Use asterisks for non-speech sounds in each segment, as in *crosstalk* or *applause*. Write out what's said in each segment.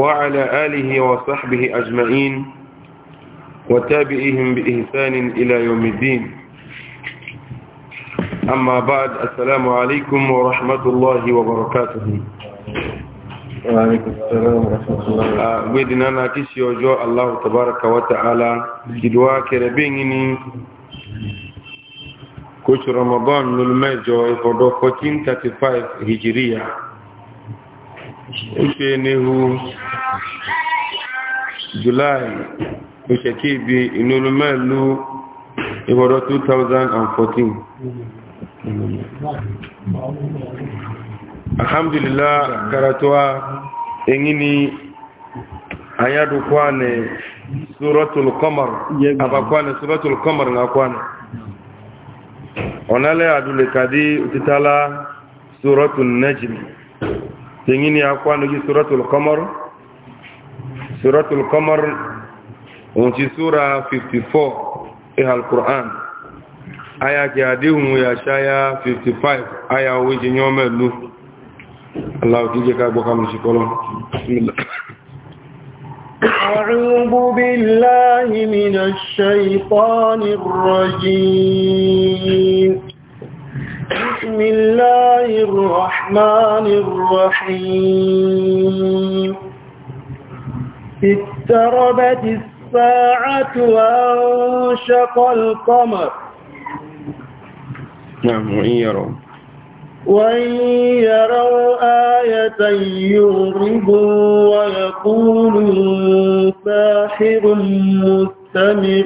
وعلى آله وصحبه أجمعين وتابعيهم بإحسان إلى يوم الدين أما بعد السلام عليكم ورحمة الله وبركاته وعليكم السلام ورحمة الله آه، ويدنا ناكيش يوجو الله تبارك وتعالى كدوا كربيني كوش رمضان للمجو يفضو 1435 هجرية ike n'ihu julaị osekebi inolumelu ihoro 2014 alhamdulillah karatuwa engini ayadu kwane suratul qamar abakwane suratul qamar ngakwane onale adule kadi utitala suratul najm tengini akwano ji suratul qamar suratul qamar onti sura 54 ihal eh, qur'an aya ki adihun ya shaya 55 aya wiji nyome lu Allah kije ka boka mshikolo bismillah أعوذ بالله من الشيطان الرجيم بسم الله الرحمن الرحيم اقتربت الساعة وانشق القمر نعم وإن يروا وإن يروا آية يغربوا ويقولوا ساحر مستمر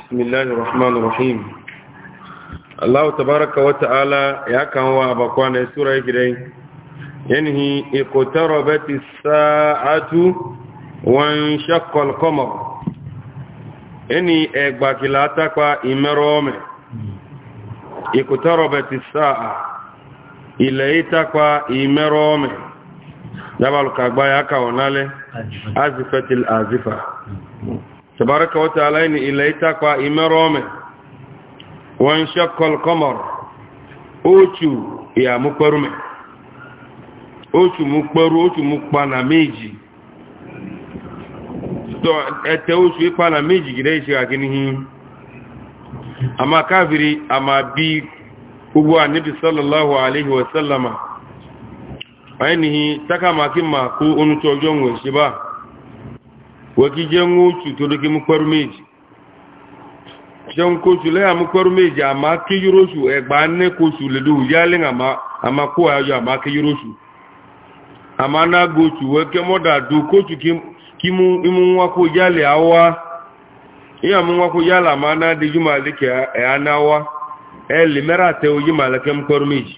بسم الله الرحمن الرحيم Allah tabaraka wa ta'ala ya kanwa ba kwana sura gidan yanhi iqtarabati sa'atu wan shaqqa al-qamar yani egba kilata kwa imerome iqtarabati sa'a ilaita kwa imerome dabal kagba ya kawnale azifatil azifa tabaraka wa ta'ala ni ilaita kwa imerome وانشق القمر اوتو يا مقرمه اوتو مقبرو اوتو مقبانا ميجي to ete oṣù ìpàlà e méjì gidẹ́ ìṣẹ́ e àkíníhí a ma káfìrí a ma bí gbogbo àníbi sallallahu alaihi wasallama ainihi takamaki si jẹun kóṣù lẹ́yìn amúkọ́rú méjì àmá kí yúróṣù ẹgbà ní kóṣù lèdò yálẹ́ àmá kó ayọ́ àmá kí yúróṣù àmá náà góṣù wẹ́kẹ́ mọ́dà dù kóṣù kí mú wákó yálẹ̀ àwá ìyà mú wákó yálẹ̀ àmá náà dé yúmà lékẹ́ ẹ̀hánáwá ẹ lè mẹ́rà tẹ oyí màlẹ́kẹ́ mọ́kọ́rú méjì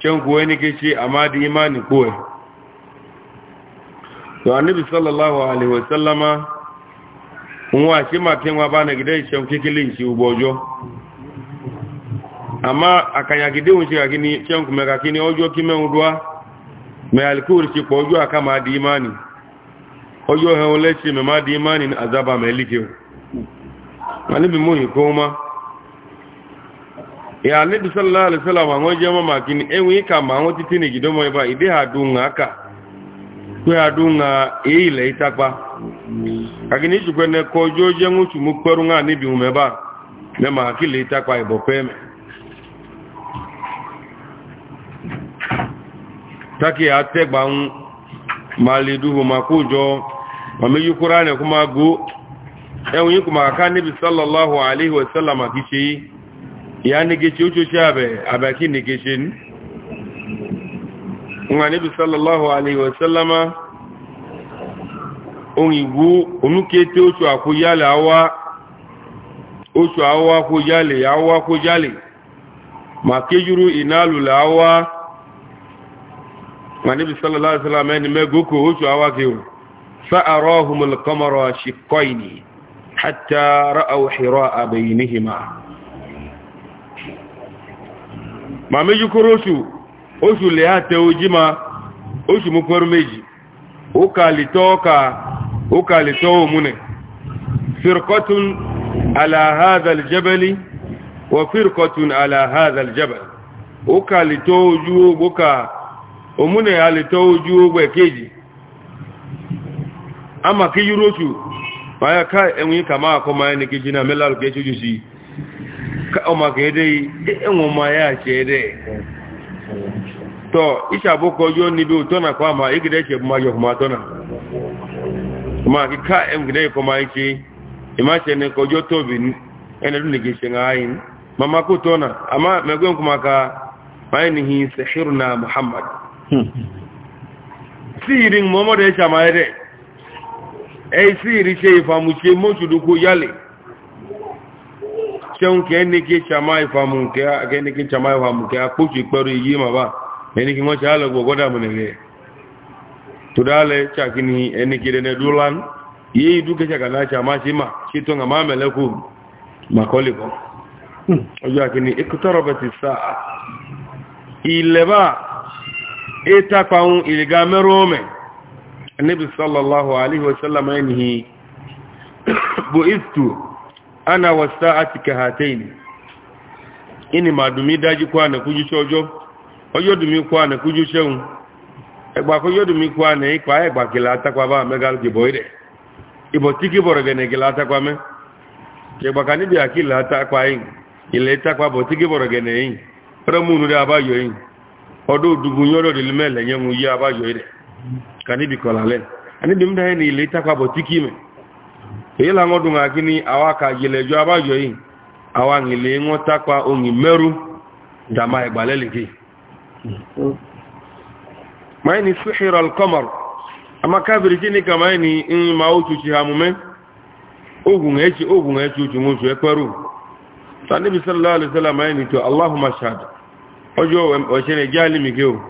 jẹun kó ẹni kí òun àṣí máa kí wọn bá nàgídẹ́ ìṣẹ́ kékeré ìṣe gbogbo ọjọ́ àmá àkànyàgídé òun ṣe kàkí ní ṣẹ́ǹkù mẹ́ka kí ní ọjọ́ kí mẹ́un dúá mẹ́àlìkúrì ṣe pọ̀ ọjọ́ àká máa di imáni ọjọ́ ẹ̀hún lẹ́ṣẹ́ mẹ́ máa di imáni àzábà mẹ́líkẹ́ ìhàlẹ́bí sọ́lá àlẹ́sọ́lá àwọn jẹ́ mọ́ màkí ní kagi ni jukwe ne ko joje ngutu mu kperu nga ni bi umeba ne ma akili ta kwa ibo peme taki ate gba un mali dubu makujo mame yukurane kuma gu ehun yi kuma ka ni bi sallallahu alaihi wa sallam kishi ya ni gishi uchu shabe abaki ni gishin nga ni bi sallallahu alaihi wa sallama onyiwu onukete otu akwụyali awa otu awa kwụyali awa kwụyali ma kejuru inalulu awa ma nabi sallallahu alaihi wasallam ẹni otu awa kewu فأراهم القمر شقين حتى رأوا حراء بينهما ما ميجي كروشو oṣù lè àtẹ ojíma oṣù mú kọrù méjì ó kà lè tọ́ ka. uka litowo mune firkotun ala hadhal jabali wa firkotun ala hadhal jabal uka litowo ju ogbo ka omune ma ju ogbo ekeji ama ki yurotu maya ka e kama ma ya ni keji na melalu keji oju si ọmọ kẹ́ẹ̀dẹ́ ẹ̀wọ̀n ma na ṣẹ́ẹ̀dẹ́ tọ́ ìṣàbókọjọ́ níbi òtọ́nà kọ́ àmà ìgidẹ́ ṣẹ̀bùmájọ̀kùnmá ma ki ka em gide ko ma ki ima che ne ko jo to ene du ne ki se ngain mama kutona, ama me gwen kuma ka ma ni hi sihirna muhammad hmm. sirin momo de cha ma de e siri che ifa mu che mo chu du ko yale seun ke ni ki cha ma ifa mu ke ke ni ki cha ma ifa mu ke ko chi peru yi ma ba eni ki mo cha lo go goda mu ne le tudale chakini eni kidene dulan yi duke chaka na chama chima chito nga mamele ku makoliko hmm. ojo akini ikutarabati saa ileba eta kwaun iligame rome nabi sallallahu alaihi wasallam enihi *coughs* buistu ana wasaati kahataini ini madumi daji kwa na kujucho ojo ojo dumi kwa na kujucho egba ko yodu mi kwa ne kwa egba kila ta kwa ba megal ki boyre ibo tiki boroge ne kila ta kwa me ke gba kani bi akila ta kwa yin ile ta kwa bo tiki boroge ne yin remu nu da ba yo odo dugun yoro de limele yen mu ani bi mda ni ile kwa bo me e la awaka yele jo aba yo yin awa ngile kwa ongi meru dama maini suhira al-qamar amma kafiri kini kama ni in ma otu ci hamume ogun echi ogun echi otu nwosu ekperu sanibi sallallahu alaihi wasallam maini to allahumma shahad ojo oche ne jali mi geo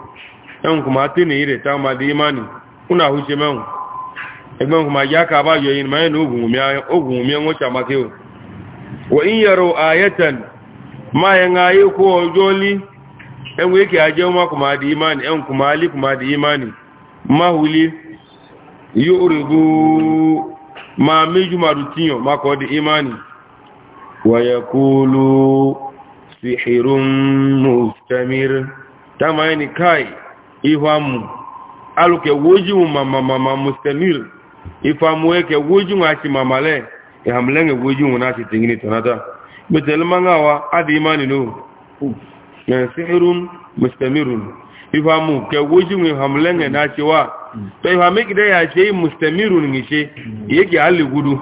en kuma atini ire ta ma di imani una huje meun egbe kuma ya ka ba yo yin maini ogun mi ogun mi nwocha ma geo wa in yaro ayatan ma yan ayi ko ojoli ɗan yake a jama kuma da imani ɗan kuma ali kuma da imani mahuli yi urigu ma meju marutiyo mako da imani wa ya kulu sihirun mustamir ta ma ni kai ifamu aluke wojin mamamama mustamir ifamu yake wojin a ci mamale ya hamlen ya wojin wana ci tingini tonata mutalman hawa adi imani no yan e sihirun mustamirun ifamu ke wujin hamlen ga na cewa to ifame ki da ya ce mustamirun ni ce yake halli gudu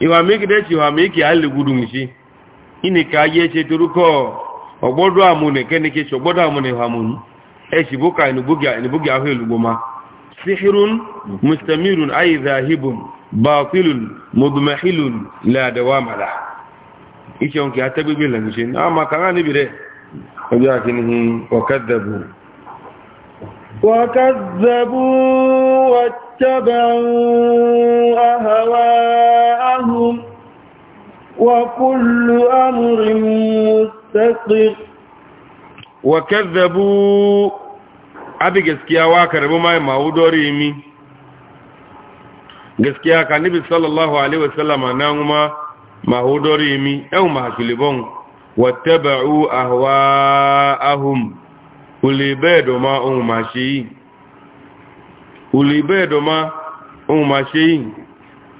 ifame ki da ce ifame ki halli gudu ni ce ine ka ye ce turuko ogbodo amune kenike ce ogbodo amune hamun e si boka inu bugia inu bugia ahe iṣẹ́ òun kì á tẹ́gbégbé lẹ́gbẹ̀ṣe ní ah, àmà kàrá níbi rẹ̀ ọjọ́ àkíní ọ̀kẹ́dẹ̀bù وكذبوا واتبعوا أهواءهم وكل أمر مستقر وكذبوا abi gaskiya wa karbi ka nabi sallallahu alaihi wasallama na kuma ma ho dɔrɔ yi mi ɛwɔ ma akele bɔn wɔtɛbɛru ahwa ahom ule bɛɛ dɔma ohun ma ṣe yi ule bɛɛ dɔma ohun ma ṣe yi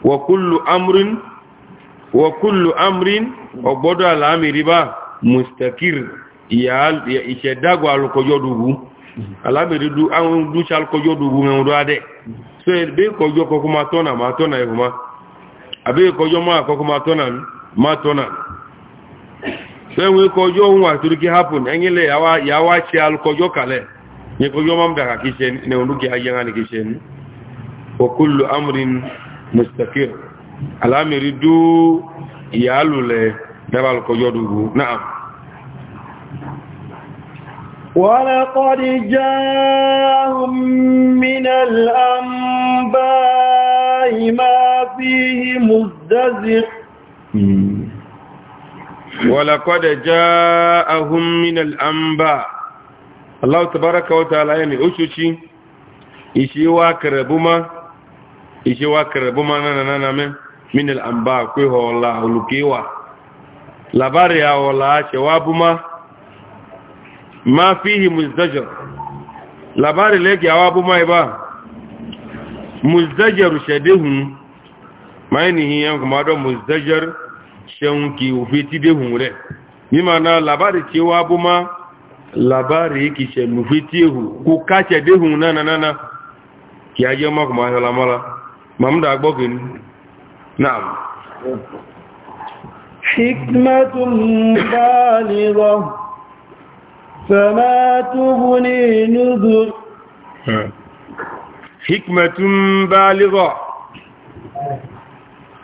wɔkulu amrin wɔkulu amrin ɔgbɔdɔ alaami riba mustakir ya ìṣẹ̀dágo alukɔjɔ dugu alaami ridu ahun dusa alukɔjɔ dugu àbí ìkọjọ́ máa àkọ́kọ́ máa tọ́nà máa tọ́nà fẹ́wọ́n ìkọjọ́ ohun àtúrúkí happen ẹ̀yìnlẹ̀ yàwá ṣe alukọjọ́ kalẹ̀ ìkọjọ́ máa ń dàkà kí ṣe ní olúkí ayéhán ní kí ṣe ní okulu amrin mustaqir alamiri dúó dábàlùkọjọ́ náà ولقد جاءهم من الأنباء ما فيه مزدزق ولقد جاءهم من الأنباء الله تبارك وتعالى يعني أشوشي إشي واكربما إشي واكربما نانا من الأنباء كوي هو الله لكيوا labari ya wala ma fihi muzdajar labari leke awa bu mai ba muzdajar shadihun ma yi nihin yanku ma don muzdajar shanki ofeti dehun re ni ma na labari cewa bu ma labari yake shenufi tehu ko kace dehun nana nana ki aje ma kuma halamala mamda agbokin na'am حكمة بالغة فما تغني نذر حكمة بالغة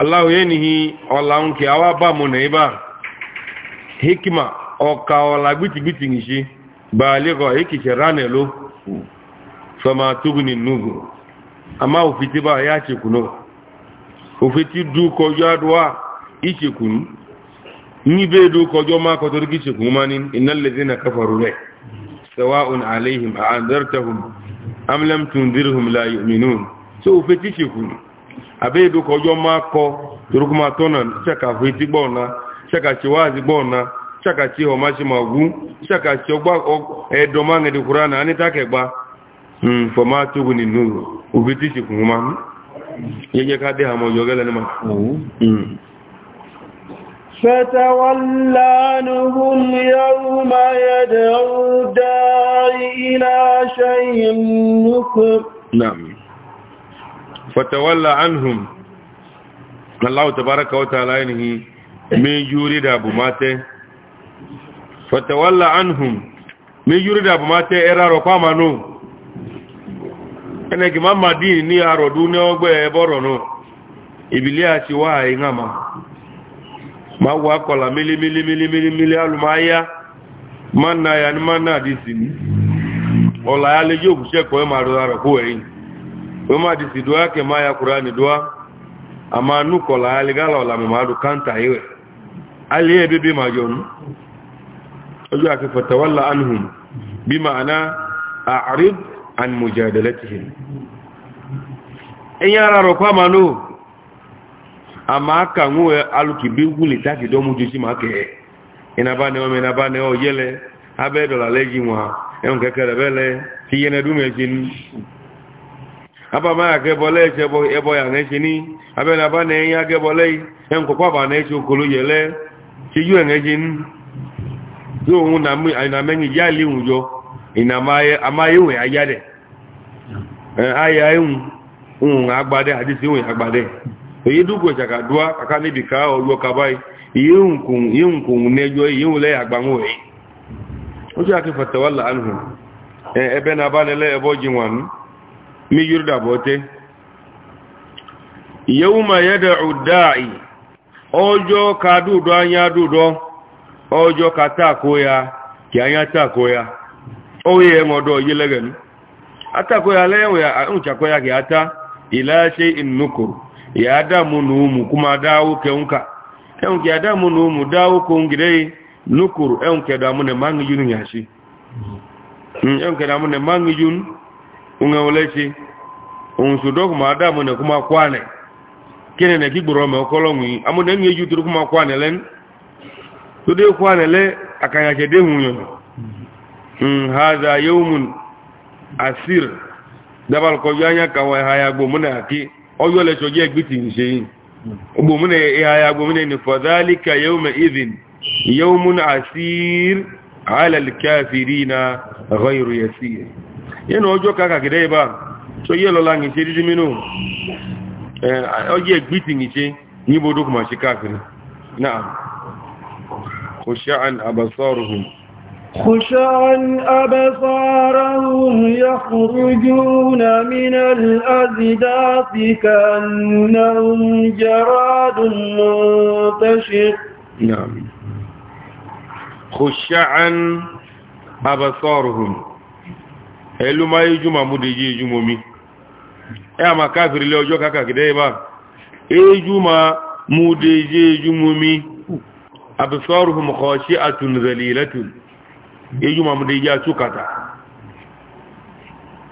الله ينهي الله انك اوابا منعبا حكمة ọka ọla gbìtìgbìtì nìṣe bàálẹ́gọ̀ èkìṣẹ̀ ránẹ̀ ló fọmà tógùnì nùgù a máa òfin tí bá yá ṣekùnú òfin tí dúkọ yádùá ìṣekùnú ni be du ko joma ko to rigici kuma nin innal ladhina kafaru la sawa'un alaihim a anzartahum am lam tunzirhum la yu'minun so fetici ku abe du ko joma ko turkuma tonan chaka fiti bona chaka chiwazi bona chaka chi o mashi magu chaka chi ogba edo mange di qur'ana ani take gba mm fo ma tugu ni nuru ubitici kuma yeye ka de ha mo yogela ni ma mm فتول عنهم يوم يدعو الداعي إلى شيء نكر نعم فتول عنهم الله تبارك وتعالى إنه من يريد أبو ماته فتول عنهم من يريد أبو ماته إرى رقام نو ẹnẹ̀kì máa máa dìí ní àrọ̀dún ní ọgbẹ́ ẹbọ́rọ̀ náà ìbílẹ̀ àti wáhà ìhàmà ma wà kọ̀lá mílímílímílímílí alùmáyá ma ń náà ní ma ń náà dìsì ní ọ̀là alé yóò bùṣẹ́ kọ́ ẹmà rọra rẹ̀ kó ẹ̀yìn wọ́n má dìsì dúwá kẹ má ya kúrá ní dúwá a ma nú kọ̀lá alé gálà ọ̀là mọ̀ máa dùn káńtà ìwẹ̀ alé ẹ̀ bíbí ma yọ nú ọjọ́ àti fọ̀tàwọ́lá anuhun bí ma ná àárín àmùjẹ́ ẹ̀dẹ̀lẹ́tìhìn ẹ̀yìn ama aka nwe alụkibi ugwu litagide ọmụjusi ma aka ịnabaneo ịnabaneo yele abe dọlala ji nwa enwe kerebele tiye na dumejin abamaya ka ebole eche ebo ya na ni abe na na enye ba na okolo yele yo na menyi ya li nwujo amaye nwe ayade agbade agbade èyí dúkò ìjàkàdúwá kàkà níbi ká ọlọ́ kàbáyì yíhùnkùn nẹjọ́ yíhùnlẹ́ àgbàmù ẹ̀ ó ṣe àti fàtàwàlà àánú ẹbẹ́ na bá nílẹ̀ ẹbọ́ jíwọ̀n mí yúrùdàbọ̀ tẹ́ yẹ́wù ma ka ka anya ya ya ya damu numu kuma dawo keunka enke ya damu numu dawo kongirei nukuru enke damu ne mangi yun yashi hmm, enke damu ne mangi yun unga olechi unsu dog ma damu ne kuma kwane kene ne kigboro me okolonwi amu ne ngi yuturu kuma kwane len to de kwane le akanya ke de hunyo mm hadha yawmun asir dabal ko yanya kawai haya gbo muna ki ọjọ́ lẹ́tọ̀ jẹ́ gbìtì ń ṣe gbòmìnà ìhàyà gbòmìnà ni fọ̀dálíkà yóò mẹ́ ìzìn yóò múnà àṣír alàlìkáfìrí na ọ̀rọ̀ yẹ̀sí yẹ́nà ọjọ́ kàkàkìdẹ́ ibá tó yẹ́ lọ́la ń ṣe dídí mínú ọjọ́ gbìtì ń ṣe níbo خشعا أبصارهم يخرجون من الأزداف كأنهم جراد منتشر نعم خشعا أبصارهم ẹlú máa yíjú máa múdé yí yíjú mọ́mí ẹ a máa káàkiri lé ọjọ́ kàkàkìdẹ́ ìbá yíjú máa múdé yí yíjú mọ́mí àbìsọ́rùn-ún kọ̀ọ̀ṣí àtùnzẹ̀lẹ̀ ìlẹ́tùn eju ma mude ya chukata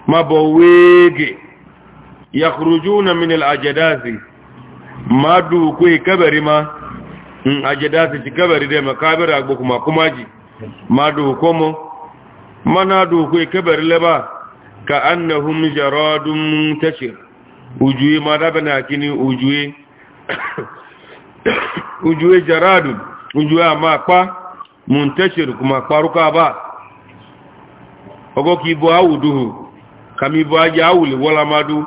mabawege yakhrujuna min al-ajdasi madu ku kabari ma hmm, ajdasi ci kabari de makabira gbo kuma kumaji madu komo manadu ku kabari leba ka annahum jaradun muntashir ujuwe madabana kini ujuwe *coughs* ujuwe jaradun ujuwe ma pa muntashir kuma kwaruka ba ogoki bo awuduhu kami bo aje awuli wala madu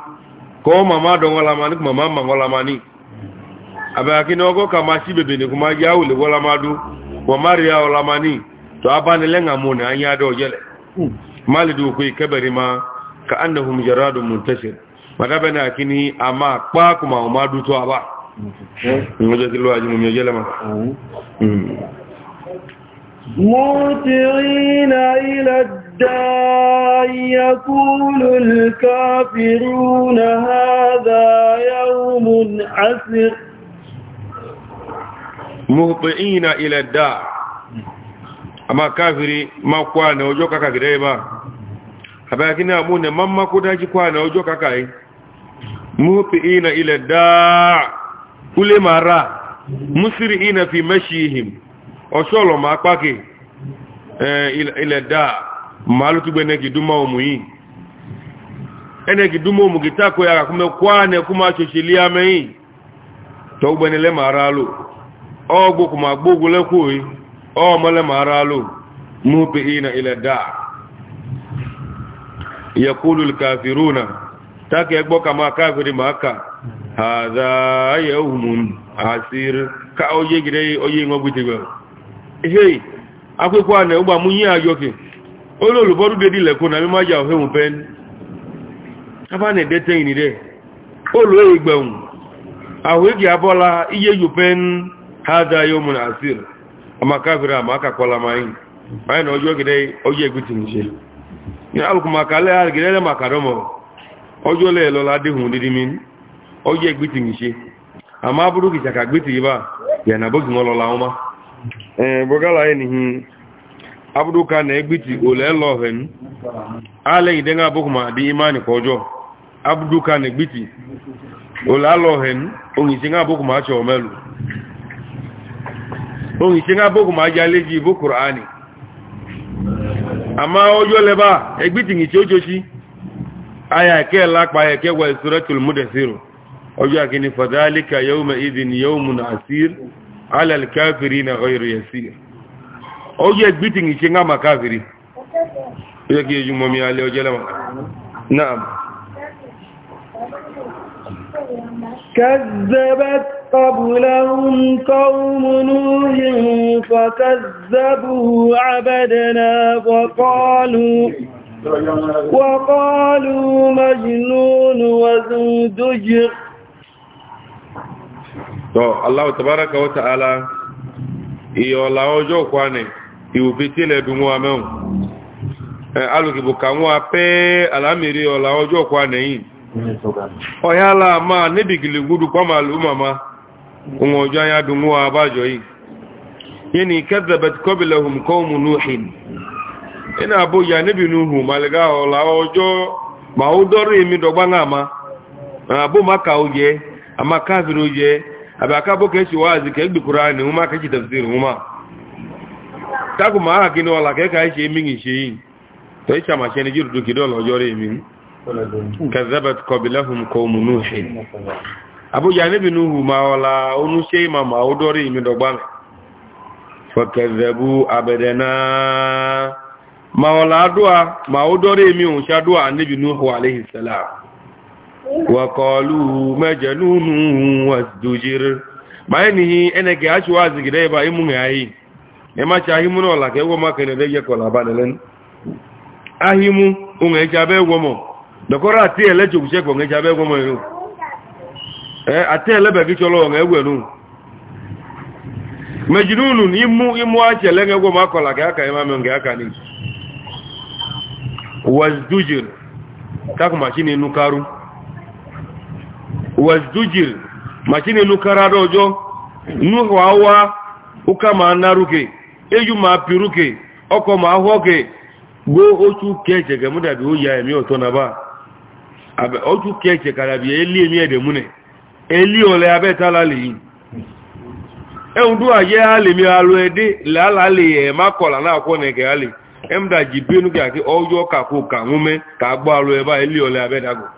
ko mama don wala mani kuma mama wala mani abe no go kama shi bebe ne kuma aje awuli wala madu wa maria wala mani to abani lenga mun anya do jele malidu ku kabari ma ka annahum jaradun muntashir magabana kini ama kwa kuma umadu to aba ngoje hmm. kilo ajimu nyojele ma hmm. Hmm. مهتعين إلى الداء يقول الكافرون هذا يوم عسر مهطئين إلى الداء أما كافري ما قوانا وجوكا كريبا أباكنا أمونا مما كناجي قوانا وجوكا كاي مهطئين إلى الداء كل مرة مسرعين في مشيهم ọ̀ṣọ́lọ̀ máa pàkè ilẹ̀ dáa máa ló túgbẹ́ ẹnẹ́gì dúnmọ́ òmù yìí ẹnẹ́gì dúnmọ́ òmù gìtà kó yàrá kúmẹ́ kwáànẹ́ kú máa ṣoṣe lé amẹ́yìn tọ́gbẹ́ni lẹ́màára lò ọgbò kò máa gbógun lẹ́kọ̀ọ́ yìí ọmọ lẹ́màára lò mú pé ìnà ilẹ̀ dáa àdáyẹ̀ òmùn àṣírí ká ọyẹ́ gidẹ́ ọyẹ́ ìwọ̀n gbìdìgbẹ̀rẹ̀ hei akwụkwọ a na ụgba mụnye ya yoke onye olubọrụ dedi lekụ na mmaji ahụ ewu pen aba na-edete inire olu eyi gbenwu ahụ igi e abọla iye yu pen ha daghị ụmụ na asir amaka biri ama aka kwala anyị anyị na ọjọọ gide ọjọọ egwuti nche alụkwụ maka legharị gidere maka rọmọ ọjọọ leelola adịghị ụdịdị min ọjọọ egwuti nche ama bụrụ gịchaka gbiti ibe a ya na abụghị nwa lọla ọma Eh, bogala enihi abduka na egbiti ole loven ale idenga abukuma di imani kojo abduka na egbiti ole loven onyisinga abukuma acho omelu onyisinga abukuma ajaleji ibu qur'ani ama ojo leba egbiti ngichi ojochi aya ke lakpa ke wa suratul mudathir ojo akini fadhalika yawma idhin yawmun asir ala alkafiri na ghairu yasir o je gbitin ise nga makafiri o je ki ejumo mi ale o je lama na'am كذبت قبلهم قوم نوح فكذبوا عبدنا وقالوا وقالوا مجنون وازدجر to allah tabaraka wa ta'ala iyo la ojo kwane iubitile dunwa amen e, aluki bukanwa pe alamiri iyo la ojo kwane yin oyala ma nibigili gudu kwa maluma ma unwa ojo anya dunwa abajo yi yini kadzabat qablahum qawm nuhin ina abu ya nabi nuhu malga ola ojo ma udori mi dogba ngama e, abu maka oje abaka boke shi wazi ka igbi qur'ani huma ka ki tafsir huma ta kuma ha kini wala ka ka shi min shi yin to ita ma shi ne jiru duki dole ojore min kazzabat qablahum qaum nuh abu janibi nuhu ma wala onu shi ma ma odore mi dogba me fakazzabu abadana ma wala adwa ma odore mi un sha adwa annabi nuhu alayhi salam وقالوا مجنون وازدجر Ma ينهي انك اشوا زغدا يبا يمون هاي ما شاهي من ولا كيو ما كان ده يكولا بانلن ahimu unge ati ele joguje ko Ee ati ele imu imu ga aka imame nge aka ni wazdujir takuma chini wasdujir machine nukara dojo nuhu awa uka ma naruke eju ma piruke oko ma hoke go otu keje ga muda bi oya emi oto na ba abe otu keje kara bi eli emi ede mune eli ole abe talali ehun du aye ale mi alo ede la le e ma kola na ko ne ke ale emda jibinu ke ati oyo ka ko ka mume ka gbo alo e ba eli ole abe dago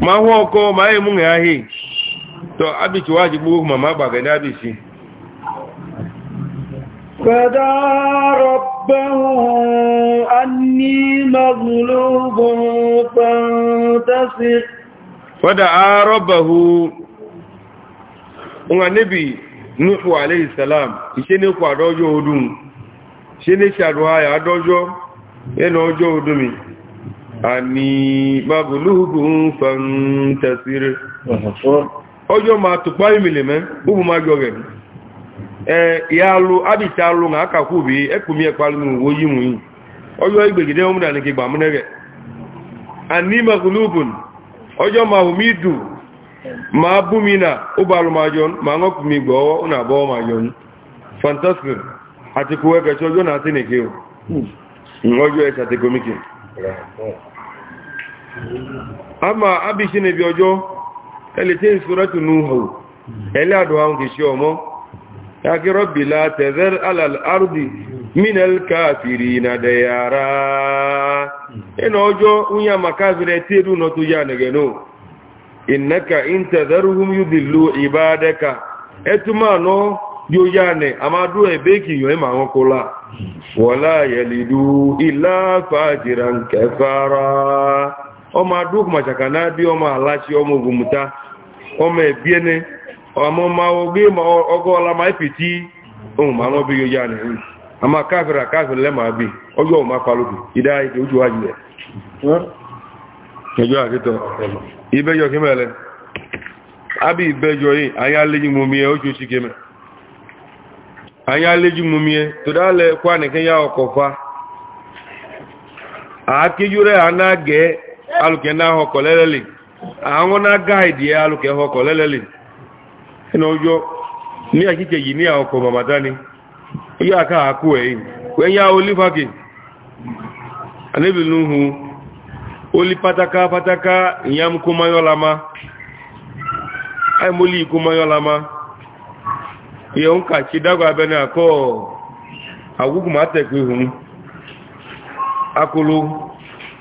ma hụ ọkọ ma anyị mụ ṅaa ahịa tọ abichi wa ji gbogbo mama gbaga ni abichi fada rabbahu anni maghlubun fantasir fada rabbahu nga nabi nuhu alayhi ise ne kwa dojo odun ise shaduwa ya dojo eno ojo ani babuluhun fantasire ọjọ́ ma tukpa imele mẹ́ búbù ma jọ rẹ̀ ẹ̀ ìyàlú àbìtà alú na akàkù bí ẹkùnmí ẹkpàlú ní owó yìí wùnyí ọjọ́ ìgbègidé ọmọdé ní gbà múnẹ́ rẹ̀ ani babuluhun ọjọ́ ma ma búmi na ma jọ ma na bọ́ ma jọ àti ọjọ́ nìkẹ́ ọjọ́ ama abisi na bi ojo elete suratu nuhu ele adu awon ke se omo ya ki rabbi la tazar alal ardi min al kafirina dayara eno ojo unya makazire tedu no to ya negeno innaka intadharuhum yudillu ibadaka etumano yo ya ne amadu ebeki yo e ma won kola wala yalidu illa fajiran kafara ọma duk machaka na adị ọma alachi ọma ogwumụta ọma ebiene ọmụma ogbe ma ọgọla ma epiti ụmụmanụ ọbịghị oyi a na-enwe ama kafịrị akafịrị le ma bi oge ọma kwalubi ide anyị ka otu ha jire ẹjọ́ àkítọ̀ ibẹ́jọ́ kí mẹ́lẹ̀ àbí ìbẹ́jọ́ yìí àyá léjì mú mi ẹ ojú sí kí mẹ́ àyá léjì mú mi ẹ tó dálẹ̀ kwá nìkan yá ọkọ̀ alùkẹ́ náà ọkọ̀ lẹ́lẹ́lẹ́ àwọn náà gáàdì ẹ alùkẹ́ ọkọ̀ lẹ́lẹ́lẹ́ ẹnà ọjọ́ ní àkíkẹ́ yìí ní ọkọ̀ mamadani yíò àká àkú ẹ̀yìn wẹ́yà olífàkì anẹ́bìnúhu olí pátákà pátákà ìyàmkúmáyọ́lámá àìmólí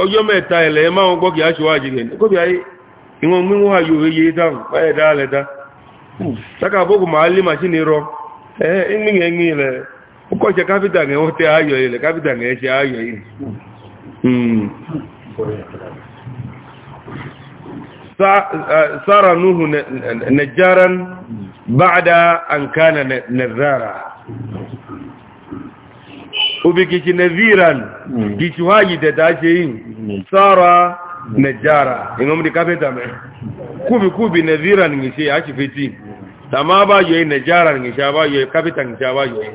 ọjọ́ mẹ́ta ẹ̀lẹ̀ máa gbọ́ kí a ṣe wá jìgẹ̀ ní kóbi ayé ìwọ̀n mímú ayò eye dáhùn báyẹ̀ dáalẹ́dá sáka àbókù máa lé màṣínì rọ ẹ̀ẹ́gbìyànjú ilẹ̀ ọkọ̀ṣẹ́ káfíta rẹ̀ wọ́n ubikici naziran hmm. kici waji da dace yin tsara hmm. najara imam di kafeta mai kubi kubi naziran ngishe ya ci fiti dama ba yoyi najaran ngisha ba yoyi kafeta ngisha ba yoyi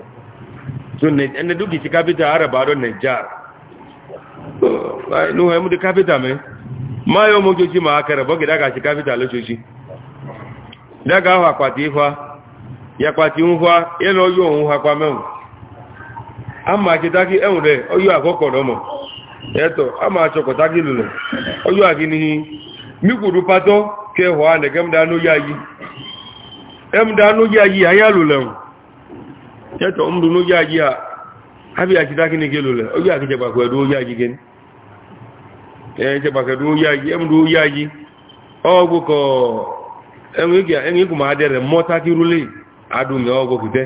tun ne duki ci kafeta araba don najara nuhu ya mudi kafeta mai ma yau mojoji ma aka rabo gida ga ci kafeta lojoji daga hawa kwati ifa ya kwati nfa yana oyo ohun hakwa mẹ́wọ̀n ama akitaki enwere oyo akọkọrọ mọ ẹtọ ama achọkọtaki lulẹ oyo aginihi mikwuru pato ke hụ anị ke mda anụ emda anụ ya anya lulẹ ẹtọ mdụ n'oyi a abịa akitaki n'ike lulẹ oyo akijabakwa edo oye aji gịnị ẹ̀ẹ́jẹ̀bàkẹ̀dú yáyí ẹmùdú yáyí ọgbùkọ̀ ẹ̀wọ̀n ikú ma dẹ̀rẹ̀ mọ́ta gị rúlé adùnmẹ́ ọgbùkù tẹ́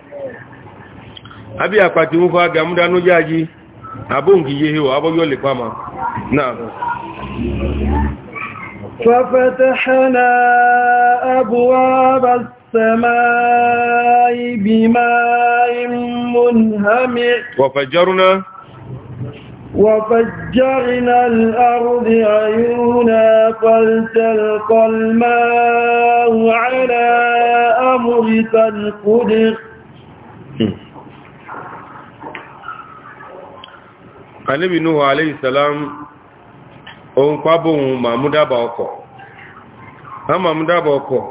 abi akpati ŋu kɔ agamuda nu dza dzi abo ŋu yiye o abo yɔ le kɔ ama na. ففتحنا أبواب السماء بماء منهمر وفجرنا وفجرنا الأرض عيونا فالتلقى الماء على أمر قد قدر anibi nuhu alayhi salam ohun kwabohun mamudaba ọkọ̀ ha mamudaba ọkọ̀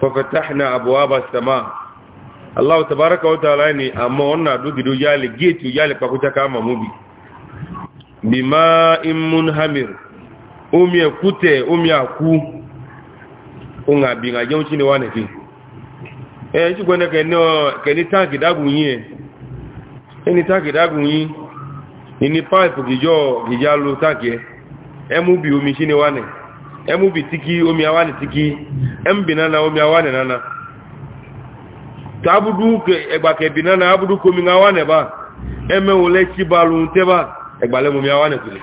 fọfẹtahna abuwaba sama allahu tabaraka wata ala ni amma ọna dugido yali gate yali pakuta ka mamubi bi ma'in munhamir omi ekute omi aku ohun abi nga jẹun shine wa nafi ẹ̀ ṣùgbọ́n kẹni táàkì dágùn yìí ẹni táàkì dágùn yìí nini pipe kijo kijalu take emubi omi shine wane emubi tiki omi awane tiki embi nana omi awane nana tabudu ke egba ke binana abudu ko mi awane ba eme ole chibalu nte ba egba omi awane kule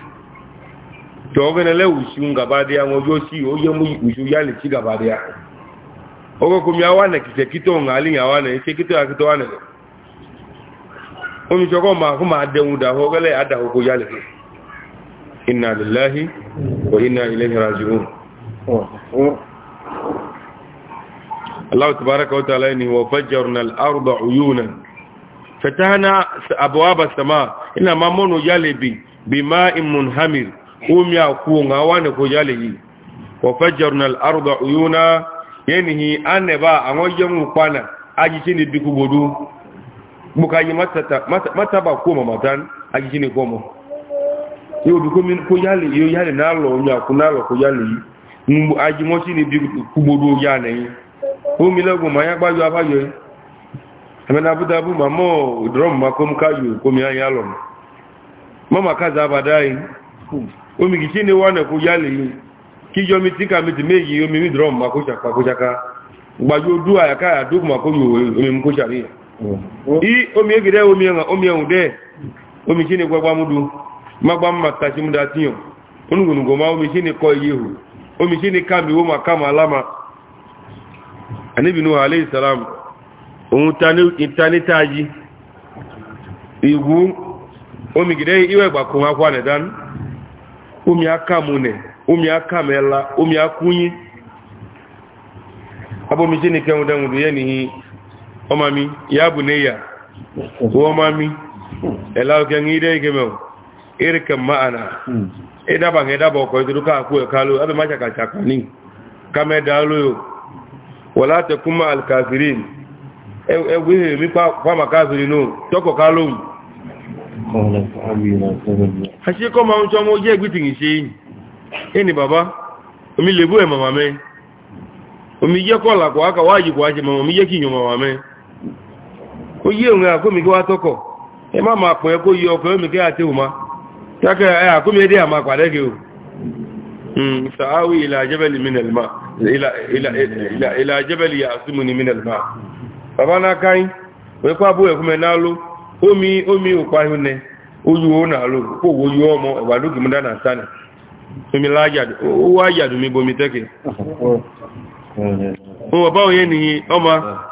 to ogene le ushi ngabade anwo jo si oye mu ushi ya le chi gabade ya awane kise kito ngali awane kito akito omi jọgọ́ ma fún ma dẹun dàhọ́ gẹ́lẹ̀ àdàhọ́ kó yálẹ̀ iná lèláhí wà iná ilẹ̀ ìrìnàjò Allah ta baraka wata alayni wa fajjarna al-arda uyunan fatahna abwaba sama ina ma mono yalebi bima'in munhamir umi akunga wane ko yaleyi wa mukayi mataba ko mamatan a jini gomo yau bi ko yale yau yali na lo nya ku na lo ko yale yi mu aji mochi ni bi ku bodo ya na yi o mi lego ma ya pa yo apa yo ame bu ma mo drum ma ko mka yo ko mi ya lo mama ka za badai o mi gichi ni wa ko yale yi ki yo mi tika mi ti meji yo mi mi drum ma ko chapa ko chaka gbajo duwa ya ka ya dogma ko yo mi ko chari i omi egide omi omi ehun de omi kini gbagba mudu magba mma tachi muda tiyo onugunugo ma omi kini ko yehu omi kini kambi wo ma kama alama anibi nuhu alayhi salam ohun tani itani taji igu omi gide iwe gba kun akwa ne dan omi aka mu ne omi aka mela omi akunyi abomi kini kehun dan mudu yenihi omami ya bunayya wa mami elaw ke ngide ke mo irka ma'ana ida ba ngida ba ko duka ku kalu abe ma chaka chaka ni kame dalu wala takum al kafirin e e we toko kalu hashi ko ma unjo mo je eni baba omi lebu e mama me omi je ko la ko aka waji ko aje mama omi je mama me ó yí òun àkómi kí wá tọ́kọ̀ ẹ má máa pọ̀ ẹ yí ọkọ̀ ẹ̀mí kí àti òmá kíákẹ́ ẹ àkómi ẹdí àmà pàdẹ́gẹ̀ o hmm, sàáwì ilà àjẹ́bẹ̀lì mìnàlìmá bàbá náà káyín òun pàbó náà ló omi omi náà ló wo ọmọ ìwádókì omi bomi *laughs*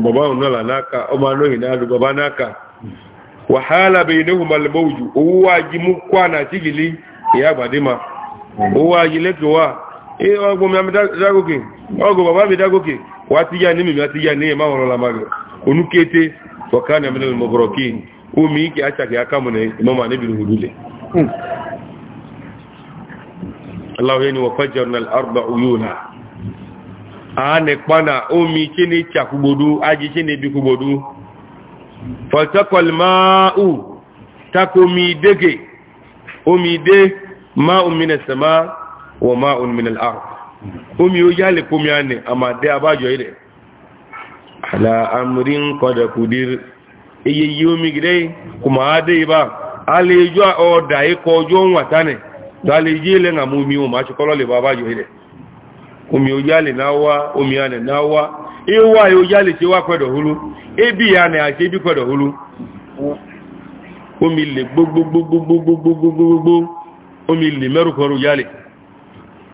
baba n'aka wahala bainahu malmawju uwaji mukwa na tigili ya badima uwaji lekiwa e ogo mi amidagoke ogo baba mi dagoke watija ni mi atija ni ma woro la mago onukete wakana min almubrokin umi ki acha ki akamu ne mama ne bilu hudule Allah yani wa fajjarna al-arba uyuna anekpana omi chene cha kugbodu aji chene bi kugbodu fatakol ma'u takomi dege omi de ma'un min as wa ma'un min al-ard omi o yale komi ane ama de abajo ile ala amrin qad qudir eye yi omi gide kuma ade ba ale jo o dai e ko jo watane dale jile ngamu mi o ma chukolo le omi ojale na wa omi ale na wa ewa e ojale ti wa pedo hulu ebi ya na ase bi pedo hulu omi le gbogbogbogbogbogbogbogbogbo omi le meru koru yale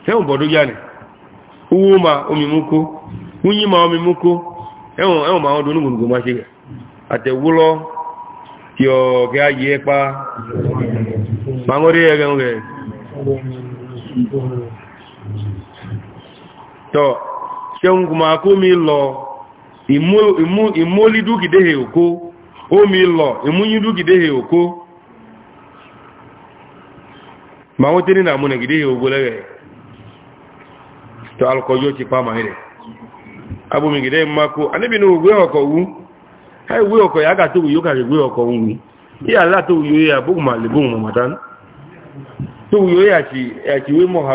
teun bodo yale uwo ma omi muko unyi ma omi muko ehun ehun ma ma se ti o ke aye pa mangori ege tọ ṣeun kuma kó mi lọ ìmólí dúkìdéhe òkó ó mi lọ ìmúyí dúkìdéhe òkó ma wọ́n tẹ́rì nàmúnà gìdéhe ògbó lẹ́rẹ̀ tọ alkọjọ́ ti pa màá rẹ̀ abúmi gìdé mako anẹ́bìnú ògbé ọkọ̀ wú ẹgbé ọkọ̀ ya ha tó wù yóò ha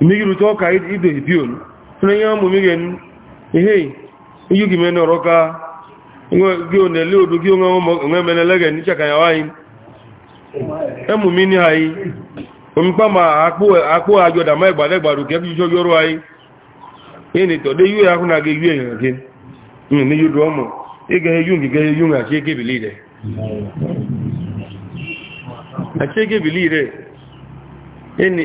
migiru to ka ido ipion tuna yan mu migen ehe iyu gi men roka ngo gi one le odu gi ngo ngo men lege ni chaka ya wain emu mini hai omi pa ma apo apo ajo da mai e gbade gbadu ke bi jojo ro ai eni to de yu ya kuna ge yu eyan ke ni yu do mo ege yu ngi ge yu nga a che ke bi lide eni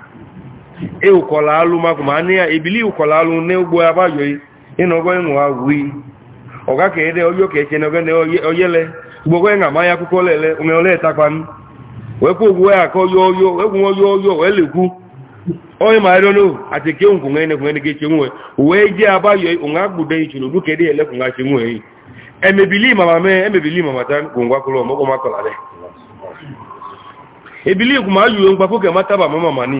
ewukola alụ maka ma anị ya ebili ewukola alụ n'ugbo abayọghị ịnọgọ ịnwụ agwụ ọga ka ede oyo ka eche n'oge na oyele gbogbo ịṅa ma ya akụkọ lele onye ole takwa wee kwa ogwu ya ka oyo oyo egwu oyo oyo wee lekwu onye ma arịọ n'o ati ke nkwu nwe nekwu nwe eche nwe wee je ichuru ka ede elekwu nwa che nwe emebili e e mama mee emebili mama ta gwụngwakwụrụ ọmọgwọ makọla ebili ikwu ma ayuwe mata mani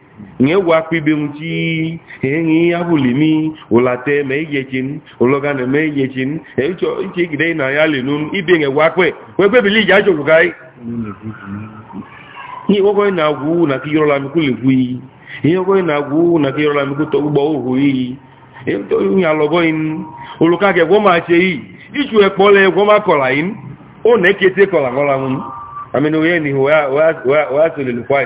nye gwa akpa ibe nwuchi enye ihe abụlimi ụlate ma na eme iyechi iche gide na ya linu ibe nye gwa kpebili iji ajọ ihe na agwụ na ka yọrọla na agwụ na tọgbọ ohu iyi ụlọka ga egwọ ma iyi ekpọla egwọ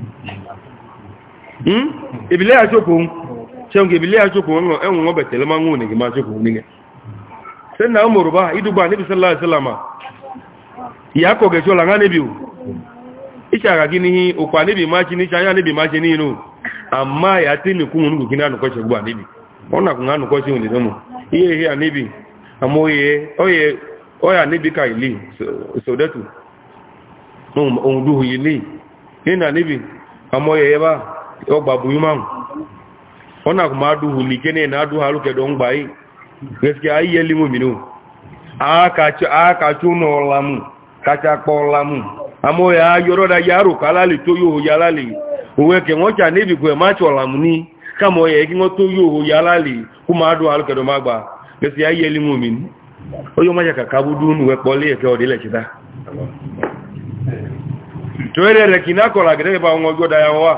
ebile ya choko chenga ebile ya choko enwe nwa ma nwa onige ma choko onige na umaru ba idugba nabi sallallahu alaihi wasallam ya ko ge chola nga nabi o ichaga ma chi ni chanya nabi ma chi ni no amma ya timi ku nugu gina ya nabi amoye oye oya yọ gbàbù yí máa wọ́n náà kò máa dùhù ní kéne náà dùhà lókè dọ̀ ń gbà yí gẹ́sìkẹ́ ayé límò mìíràn ààkàtí ó náà ọlámù kàtàkpọ̀ ọlámù amóyà yọ́rọ̀dá yàrò kálálì tó yóò yálálì òwẹ́kẹ́ wọ́n jà ní ibìkú ẹ̀ má tí ọlámù ní kámọ́ Tu eres de quien ha colado, que te va a un ojo de allá abajo.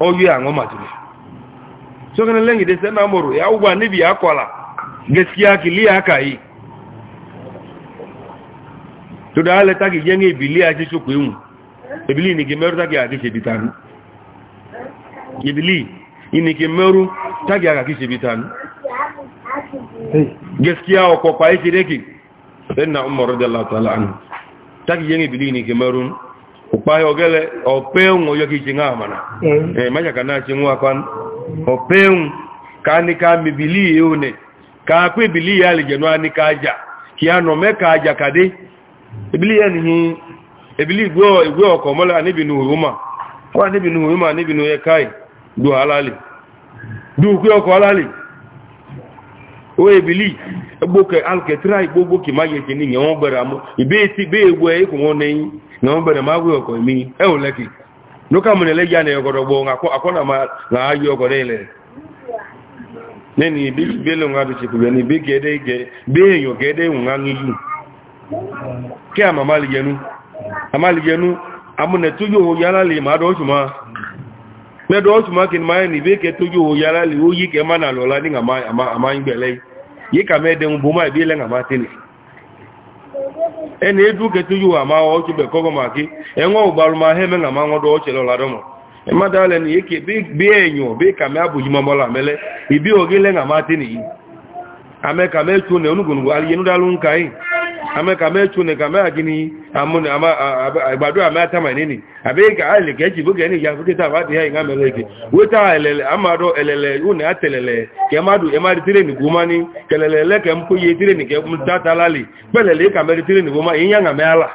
oyi àwọn matule so kana lengi de sana moro ya uba nibi akwala gaskiya kili aka yi to da ala taki jenge ibili aje so pe un ibili ni gemeru taki ake se bitanu ibili ni gemeru taki aka se bitanu gaskiya o ko pa yi reki sanna umar radiyallahu ta'ala anhu taki jenge ibili ni gemeru ukpaye ogele opeun oyo ki mana? amana mm. eh maja kana chingu akwan opeun kani ka mibili yone ka ku bili ya le jenu ani ka aja ki ano me ka aja kade ibili ya ni ibili gbo igbo oko mola ni binu huma wa ni binu huma ni binu ye kai du halali du ku oko halali o ibili egbo ke alketra igbo gbo ki maye ni nyon gbara mu ibe ti be egbo e ku won neyin na ọ bere magwụ ọkọ emi ewule ki n'ụka mụ na-ele ya na ọgọdọ gboo akwọ na ma ayị ọgọdọ ile ne ni bi bele nwa bichi kube ni bi gede ge be enyo gede nwa ngiyu ke amamali yenu amali yenu amune chuma me chuma kin ni be tuju ho yala le o yi ke mana lola ni ngama ama ama ngbele tini e ena edu kete yuwa ma ochi be kogo maki enwo ugbaru ma heme nga ma ngodo ochi lo ladomo emada ale na yeke bi bi enyo bi ka me abuji mo bola mele ibi ogile nga ma tini ame ka me tu ne onugun ali yenu dalun kai ame ka me tune ka me agini amune ama agbadu ame atama nini abe ka ale ke ji buge ni ya fuke ta ba dia inga weta elele amado elele une atelele ke madu e madu tire ni gumani kelelele tire ka ala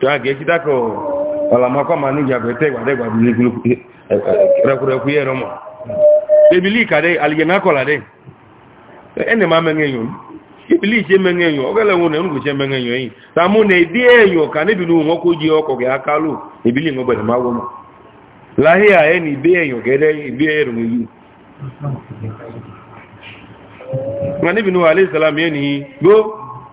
tó a gẹ̀ẹ́sí dákọ̀ ọ̀làmọ́kọ́ ma ní ìjàgbẹ̀ tẹ́ ìgbàdẹ́gbà rẹ̀kùrẹ̀kù yẹ́ rọmọ̀ ebili ebili ìṣe mẹ́rin èèyàn ọgẹ́lẹ̀ wọn ẹ̀rùn kò ṣe mẹ́rin èèyàn yìí tàmú ní ìdí èèyàn kà níbi ní wọn kó jẹ ọkọ̀ kẹ́ akálò ebili ìwọ̀n bẹ̀rẹ̀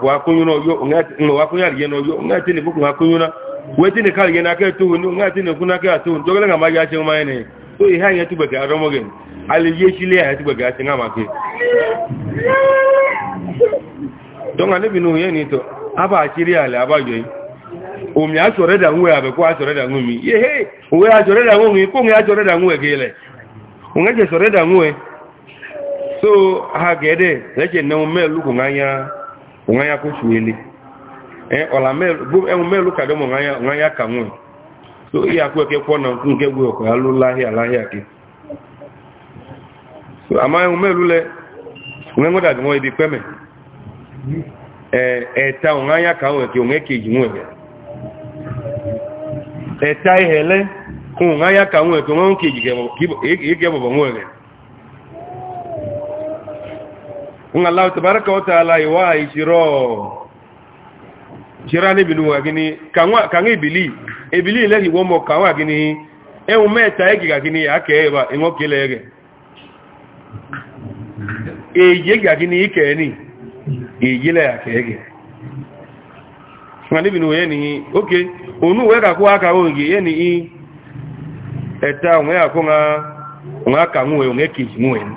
kwa kunyuna yo ngati wa kunyar yeno yo ngati ne buku kunyuna weti ne kal yena ke tu nu ngati ne kuna ke tu ngama ya che mai ne to i hanya tu bega romo gen ali ye chile ya tu bega che ngama ke donga ne binu ye ni to aba achiri ale aba yo omi asore da nwe abe kwa asore da nwe mi ye he da nwe mi ko nwe da nwe ke le da nwe so ha gede leje ne o me lu ko nganya onwe ya kụchueli ọla enwe ka dịmụ nwa ya ka so ihe akwụ eke kwọ na nkwu nke gwee ọkụ ya lụ lahịa lahịa gị so ama enwe melule onwe nweda gị nwa ibi kpeme ẹ̀ẹ̀ta ọ̀nà ayá kàwọn ẹ̀kẹ́ òun ẹ̀kẹ́jì wọn kun Allah tabaraka wa ta'ala iwa ishiro shira ni binu wa gini kanwa kan ibili ibili le hiwo mo kanwa gini ehun meta egi ake ba inwo kele ege ike ni eye le ake ege okay onu we ka ni eta onwe akunga onga kanwe onge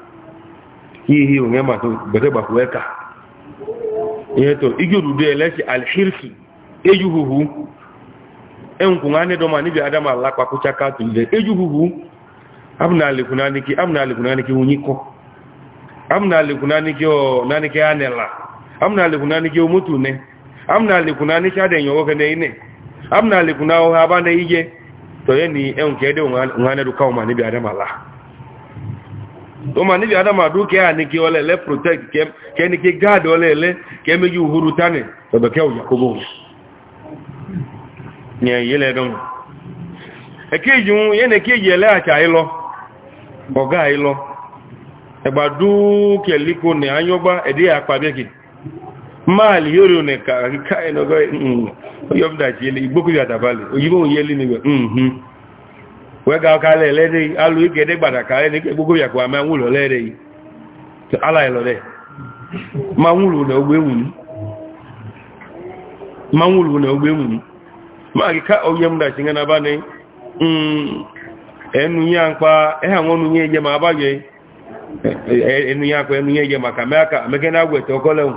hihi onye maka gbete gbakwuwe ka ihe to igi odudu elechi alhirki ejuhuhu enkungane ane doma nibi adam ala kpakucha katun de ejuhuhu amna alikunaniki amna alikunaniki unyiko amna alikunaniki o ke anela amna alikunaniki o mutune amna alikunaniki adenyo woke ne ine amna alikunao haba ne ije to yeni enke de unane du kauma nibi adam ala o ma níbi adamadu kẹ́ àníkí ọlẹ́lẹ́ protect kẹ́ẹ̀níkí gáàdì ọlẹ́lẹ́ kẹ́ẹ̀mẹ́jì uhuru tánì akpa òyàkóbò ní ẹ̀yẹ́ lẹ́dọ́nù ẹ̀kéjì ń yẹ́nà kéjì ẹlẹ́ àṣà ilọ́ ọ̀gá ilọ́ ẹgbà dúkẹ̀ líkò ní anyọ́gbá ẹ̀dí àpàbẹ́kì máàlì yóò rí ọ̀nà kàkà ẹ̀nà ọgọ́ wega kala elere alụ ike dị gbara ka na ike gbogbo ya kwa ma nwụlọ lere ala elore ma na ogbe ma nwụlụ na ogbe ma gị ka onye m dachi nga naba ni hmm, enu ya mkpa e ha nye eje ma e, e, enu ya nkpa enu ya eje maka aka ka na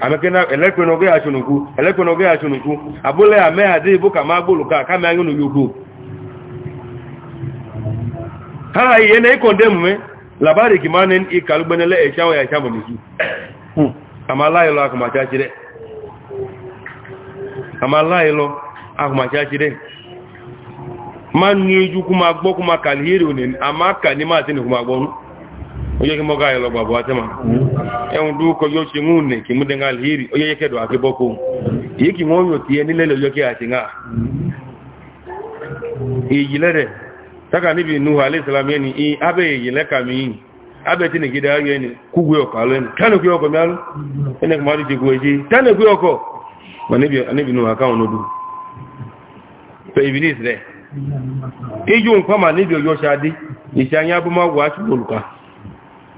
amekena elekwe noge ya chunuku elekwe noge ya chunuku abule ame adi buka magbulu ka kama yangu yuku ha yene iko ndemume labari kimane ikalubenele echawa ya chamba mizu amalaye lo akumachachire amalaye lo akumachachire man ni ju kuma gbo kuma kalhiri unen amaka ni ma tini kuma oye ke moga yelo babo atema e un du ko yochi ngune ki mudenga alheri oye ke do ake boko yiki ngonyo tie ni lelo yoke atinga e yilere taka nibi nuhu alayhi salam yani i abe yile kami abe tini gida ayo yani kugwe oko alo yani tane kwe oko mialu ene kumari ti kweji tane kwe oko ma nibi nibi nuhu aka onodu so iblis re ijo nkwa ma nibi oyo shadi isanya bu ma wa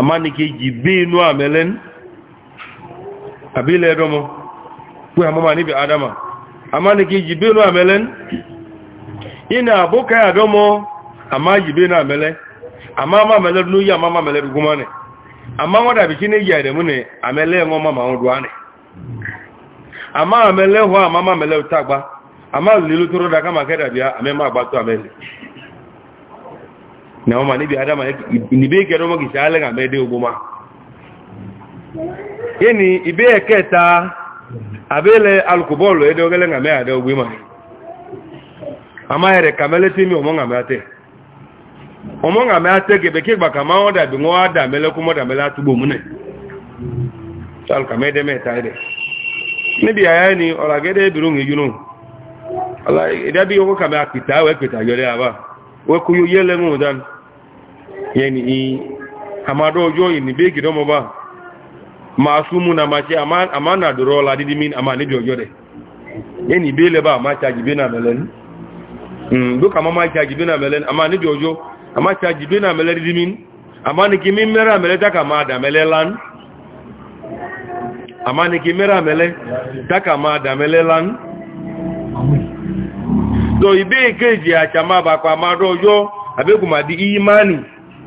amánikeji bí inú àmẹ́lẹ́n àbílẹ̀ ẹ̀dọ́mọ́ pé àmọ́mà níbi adama amánikeji bí inú àmẹ́lẹ́n iná àbúkà àdọ́mọ́ àmájì bí inú àmẹ́lẹ́ àmámà mẹ́lẹ́dún ló yí àmámà mẹ́lẹ́dún gúnmọ́ nẹ̀ àmá wọ́n dàbí kí ní yà ẹ̀dẹ̀mú nẹ̀ àmẹ́lẹ́ wọn máa wọn dùn ánẹ̀ àmá àmẹ́lẹ́ wọn àmámà mẹ́lẹ́dún tàgbá àmá lè lótóró dákámà kẹ́dàbíà àmẹ́mà àgbátó àmẹ́lẹ́ na mama ni bi adama ni be ke no mo gisa ale ga me de ogoma yeni ibe eketa abele alkubolo edo gele ga me ade ogoma ama ere kamele ti mi omo ga me ate omo ga me ate ge be ke gba ne tal ka me ni bi aya ni ora gede biru ngi junu ala ida bi dan yani i amado yo ni begi do mo ba masumu na machi aman amana duro la didi min amani bi ojo de yani bele ba ma chaji be na melen mm do kama ma chaji be na melen amani bi ojo ama didi min amani ki mera mele ta kama da amani ki mera mele ta kama da melelan do ibe ba kwa amado yo imani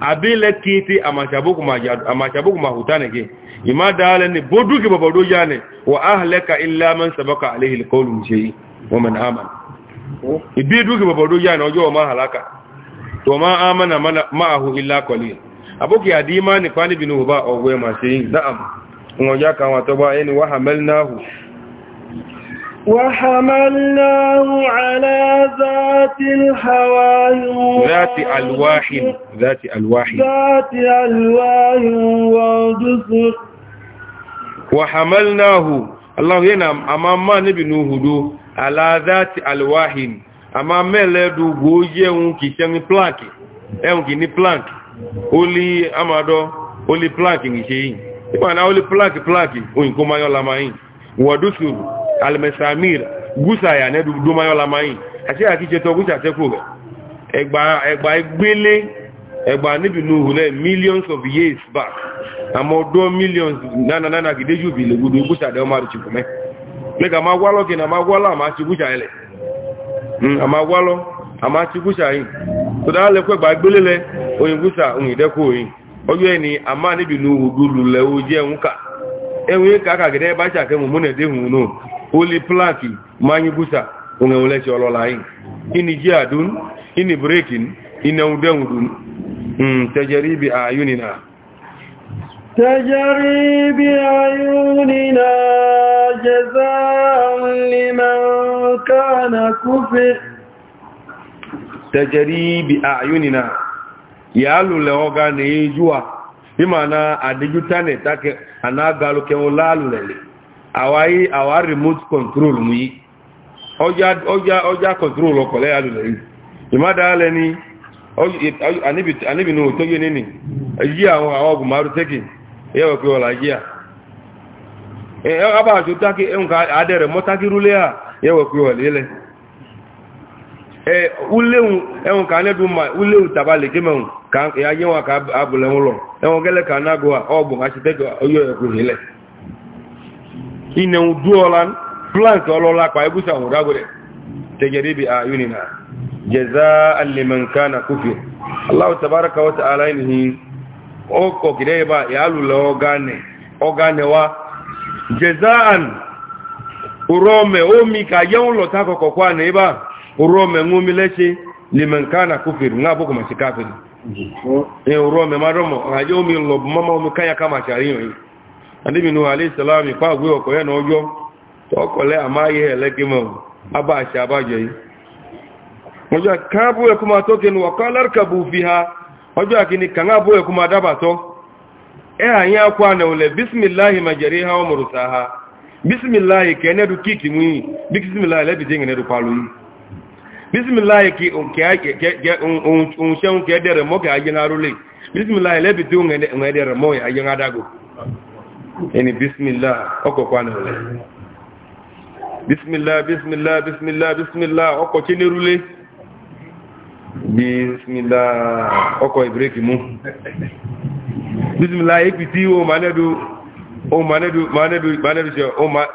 abile kiti amachabuku maja amachabuku mahutane ke imadale ni boduki babodu jane wa ahlaka illa man sabaka alayhi alqawlu mushi wa man amana ibiduki babodu jane ojo ma halaka to ma amana ma'ahu illa qalil abuki adima ni kwani binu ba ogwe ma sey na'am ngoja kan wa toba eni wa hamalnahu وحملناه على ذات الحواي ذات ألواح ذات ألواح ذات ألواح وجسر وحملناه الله ينام أمام ما نبي نوهدو على ذات ألواح أمام ملدو بوجه ونكي شمي بلانك ẹ̀hùnkì ní plank ó lé amàdọ́ ó lé plank ní ṣe yìí ìpàdà ó lé plank almesamir gúúsà yà nẹ́dù dúmáyọ́ lamáyìn àti àkíjẹtọ̀ gúúsà tẹ́kù rẹ̀ ẹgbà ẹgbẹ́lé ẹgbà níbi nùhùlẹ̀ millions of years back àmọ́ ọdọ́ millions nana nánà gìdéjù bí hmm, lè gbogbo gúúsà dẹ́ ọmọ àrùtì fúnmẹ́ lẹ́gà máa wá a náà máa wá lọ́ àmá ti ó jẹ́ ń kà oli plaki manyi gusa unge uleke olola hii ini jihadun ini breaking ina udengudun mm, tajaribi ayunina تجري بأعيننا جزاء لمن كان كفر تجري بأعيننا يالو لغاني جوا بمعنى أدجو تاني تاكي أنا قالو كيو لالو للي àwáyé àwá remote control mú yí ọjá control ọkọ̀lẹ́ alùlẹ̀ yìí ìmádàálẹ́ ni aníbìnú tó yé nínú yí àwọn àwọn ọgbùn maru tẹ́kì yẹ́wọ̀ pé ọ̀là yíà ọba àti òtákì ẹnkà adẹ́rẹ̀ mọ́tákì rúlẹ́ à yẹ́wọ̀ pé ọ̀lẹ́lẹ́ uléhùn tàbálẹ̀ kémẹ̀hùn inẹun dúọ́lá flank ọlọ́lá pa ẹgbùsà àwọn tegeribi tẹgẹ̀rẹ́ bí a yúnina jẹza alìmọ̀nká na kúfì aláwọ̀ tàbárakà wata aláìní ọkọ̀ gidẹ́ bá ìyálùlọ ọgánẹwà jẹza an urọ́mẹ̀ omi ka yẹun lọ takọ̀kọ̀ kwa na ibá urọ́mẹ̀ ń omi lẹ́ṣẹ́ lìmọ̀nká na kúfì ní abúkọ̀ mọ̀ sí káfì adịghị n'ụwa ala isalami ikpe agwụ ọkọ ya na ọjọ amaghị eleke ma abachi abajọghị ọjọ ka abụ ekwumatọ ke n'ụwa kọlar ka bụ fi ha ọjọ ka abụ ekwumadabatọ ịha ihe akwa na ole bismillahi ma jere ha ọ ta ha bismillahi ka enedu kiki nwunye bismillahi lebidi bismillahi edere mọ ka aje na arụle bismillahi lebidi ngene edere mọ ya ini bismillah oko kwanole bismillah bismillah bismillah bismillah oko ci nerule bismillah oko e break mu bismillah ekiti o manedu o manedu manedu manedu o ma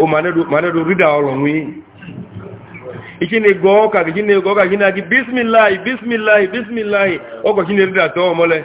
o manedu manedu rida olonwi iki ne goka iki ne goka iki na bismillah bismillah bismillah oko ci nerida to mole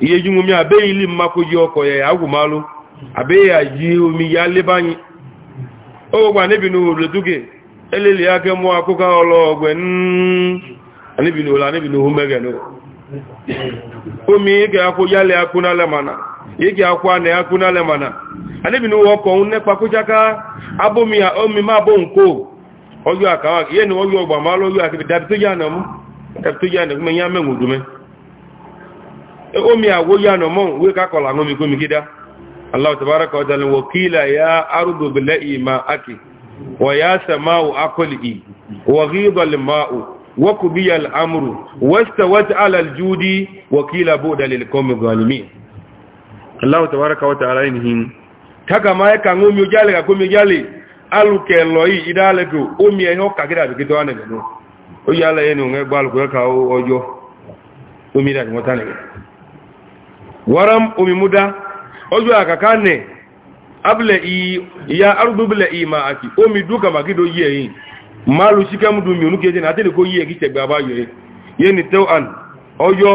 ihe ji nwome abeghị ili mmakụ ji ọkọ ya ya agwụmalụ abeghị ya ji omi ya leba anyị ogwegwa anebi n'oledu gị eleli ya ke mụọ akụkọ ọlọgwe anebi n'ole anebi n'ohu megene omi ịga akwụ ya le akụ n'ala mana ịga akwụ ana ya akụ n'ala mana anebi n'ohu ọkọ nne kpakụchaka abụmi ya omi ma abụ nko ọyọ akawa ihe na ọyọ ọgba malụ ọyọ akịbị dabitoja na mụ m dabitoja na emume ya mee menwudume E, omi àwó yà nà mọ́ wé kákọ̀lá àwọn omikú mikídá aláwọ̀ tàbárakà ọjọ́ lọ́wọ́ kílà ya arúgbògbìlẹ̀ ìmá ákì wà yá sàmáwò akọ́lì wà ríbàlì máàù wọ́kù bí al'amuru wọ́sta wata alaljúdí wà kílà bó dalil kọmi galimi aláwọ̀ tàbárakà wata aláìnihin kaka ma yaka omi ojálẹ̀ kakó omi ojálẹ̀ waram omimuda ojú àkàká ka abúlẹ̀ ìyá ya ìmà àti omi dúkà màkídó yí ẹ̀yìn máa lù síkẹ́mùdù mi onúkẹ́jẹ́ náà tẹ́lẹ̀ kó yí ẹ̀kí tẹ̀gbà bá yọ yẹ́ ni tẹ́ àn ọyọ́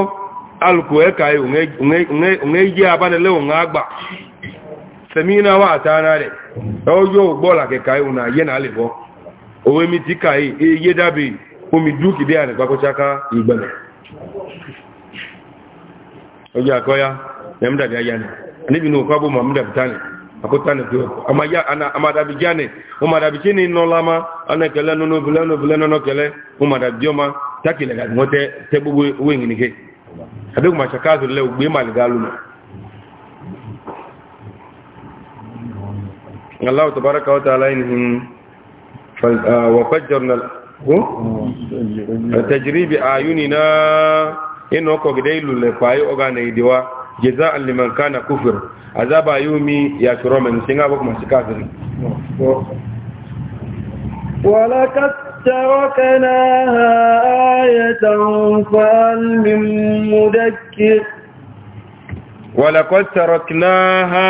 alùkò ẹ̀ka òun yẹ́ abánilẹ́ òun àgbà na wà be ojú akọya na mdàbí ayá ni níbi ní òkú abúmọ̀ mdàbí tánì àkótánì tó àmàdàbí jáni o màdàbí tí ní nọ́lá ma anẹ́kẹ̀lẹ́ nínú obìnrin obìnrin nínú kẹlẹ́ o màdàbí jọ ma tákìlẹ̀ gàdì wọ́n tẹ́ gbogbo owó ìrìnìkẹ́ àdékù wa ta'ala inhum ah, wa fajjarna tajribi ayunina ino ko gidai lulle fayi oga na idiwa jaza an liman kana kufur azaba yumi ya turo men singa bok masu kafiri walakat tarakanaha ayatan fal min mudakkir ولقد تركناها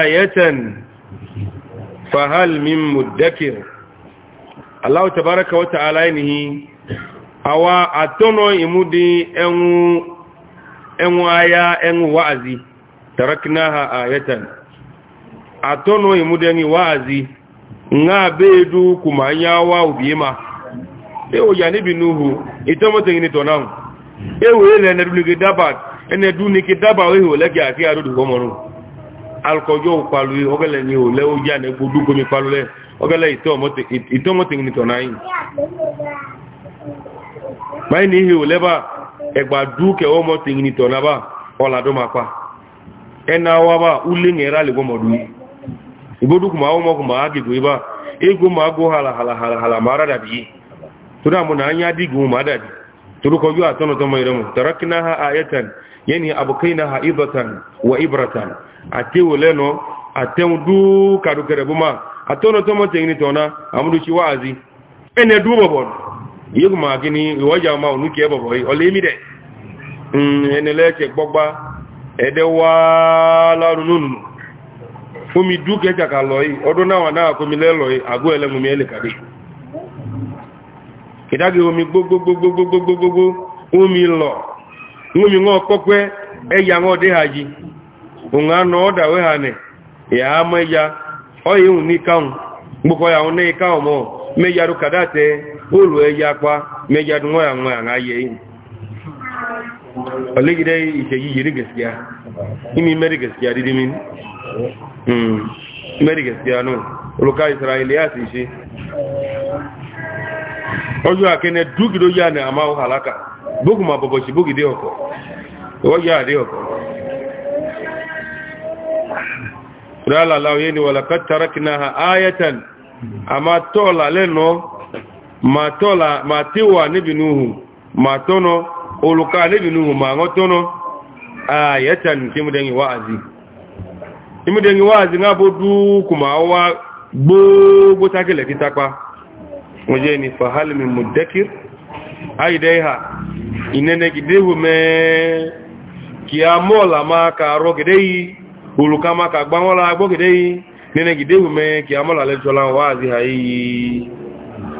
آية فهل من مدكر الله تبارك وتعالى awa atono imudi enwu enwu aya enwu waazi taraknaha ayatan atono imudi enwu waazi nga bedu ubima yani binuhu itomote ngini ele na dulike daba ene dunike daba we ho leke ati arudu komoru alkojo upalu ogele ni o itomote itomote ngini báyìí ní ihò lẹ́bà ẹgbà e dúkẹ̀ ọmọ tìyìn tọ̀ náà ọ̀làdọ́ máa pa ẹna e wa bá ulé ní ẹ̀rá lè gbọ́mọ̀dú ìbódúkùnmá ọmọkùnmá agbègbè bá égó máa gó hàlàhàlà máa rádà àtọ́nà tọmọ ìrẹmù tarakina ha ayatan yẹni abokaina ha ibatan wa ibratan àtẹ́wò lẹ́nà àtẹ́wò dúkàdùkẹrẹ bó máa àtọ́nà tọmọ tẹ̀yìn tọ̀nà àmúdúkí wáàzí yíò máa kí ní ìwọ́jà ọmọ ònú kí ẹ bọ̀bọ̀ ọlẹ́mìdẹ̀ ẹnilẹ́ẹ̀kẹ́ gbọ́gbá ẹ̀dẹ́wà lárúnúnù fún mi dúkẹ́ jàkà lọ ọdún náà náà kó mi lẹ́lọ àgó ẹlẹ́mùmí ẹlẹ́kàdé ìdágé omi gbogbogbogbogbogbogbogbogbò lọ omi wọn olu ẹja pa mẹja dun wọn àwọn àwọn ayẹ yìí ọlẹ́gidẹ́ ìṣẹ̀yí yìí gẹ̀ẹ́sìá imi mẹ́rì gẹ̀ẹ́sìá dídí mi hmm. mẹ́rì gẹ̀ẹ́sìá náà olùká ìsìráìlì àti ìṣe ọjọ́ àkẹ́nẹ́ dúkìdó yà ní àmà àlákà bókùnmà bọ̀bọ̀ṣì bókìdé ọkọ̀ ọjọ́ àdé ọkọ̀ rálàláwọ̀ yẹ́ ni wàlàkà tarakinaha ayatan àmà tọ́ọ̀lá lẹ́nà Ma tọla, ma tewa nevinuhu, ma tɔnɔ, oluka nevinuhu maa ŋgɔ tɔnɔ, a ya echa nyi kemụdeghi wa azi. Kemmugdeghi wa azi nga bụ kitapa ma ọ wa gboo buteghile nkịta inene gidehu hụ kiamola ma ka rọ gị yi, oluka ma ka gbaa ŋgɔ la gbọ gị de yi, inene gide hụ mụu,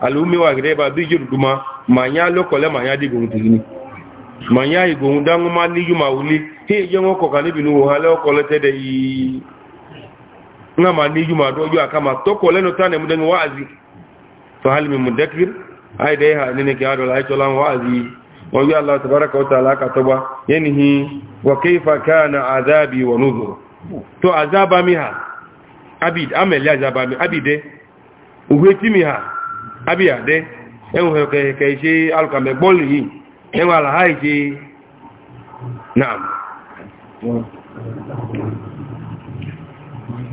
alumi wa greba bijo duma manya lokole manya digun tini nya igun dangu ma ni yuma wuli ti je won ko kan ibinu wo hale okole tede yi na ma ni yuma dojo akama toko leno tane mu den wazi fa hal min mudakkir ay dai ha ne ke ado lai tolan wazi wa ya allah tabaaraka wa ta'ala ka toba wa kayfa kana azabi wa nuzur to azaba abid amel azaba mi abide abíyàdẹ́ ẹwọ̀n kẹ̀kẹ̀ iṣẹ́ alùkàmẹ̀ bọ́ọ̀lù yìí ẹwọ̀n àlàá iṣẹ́ náà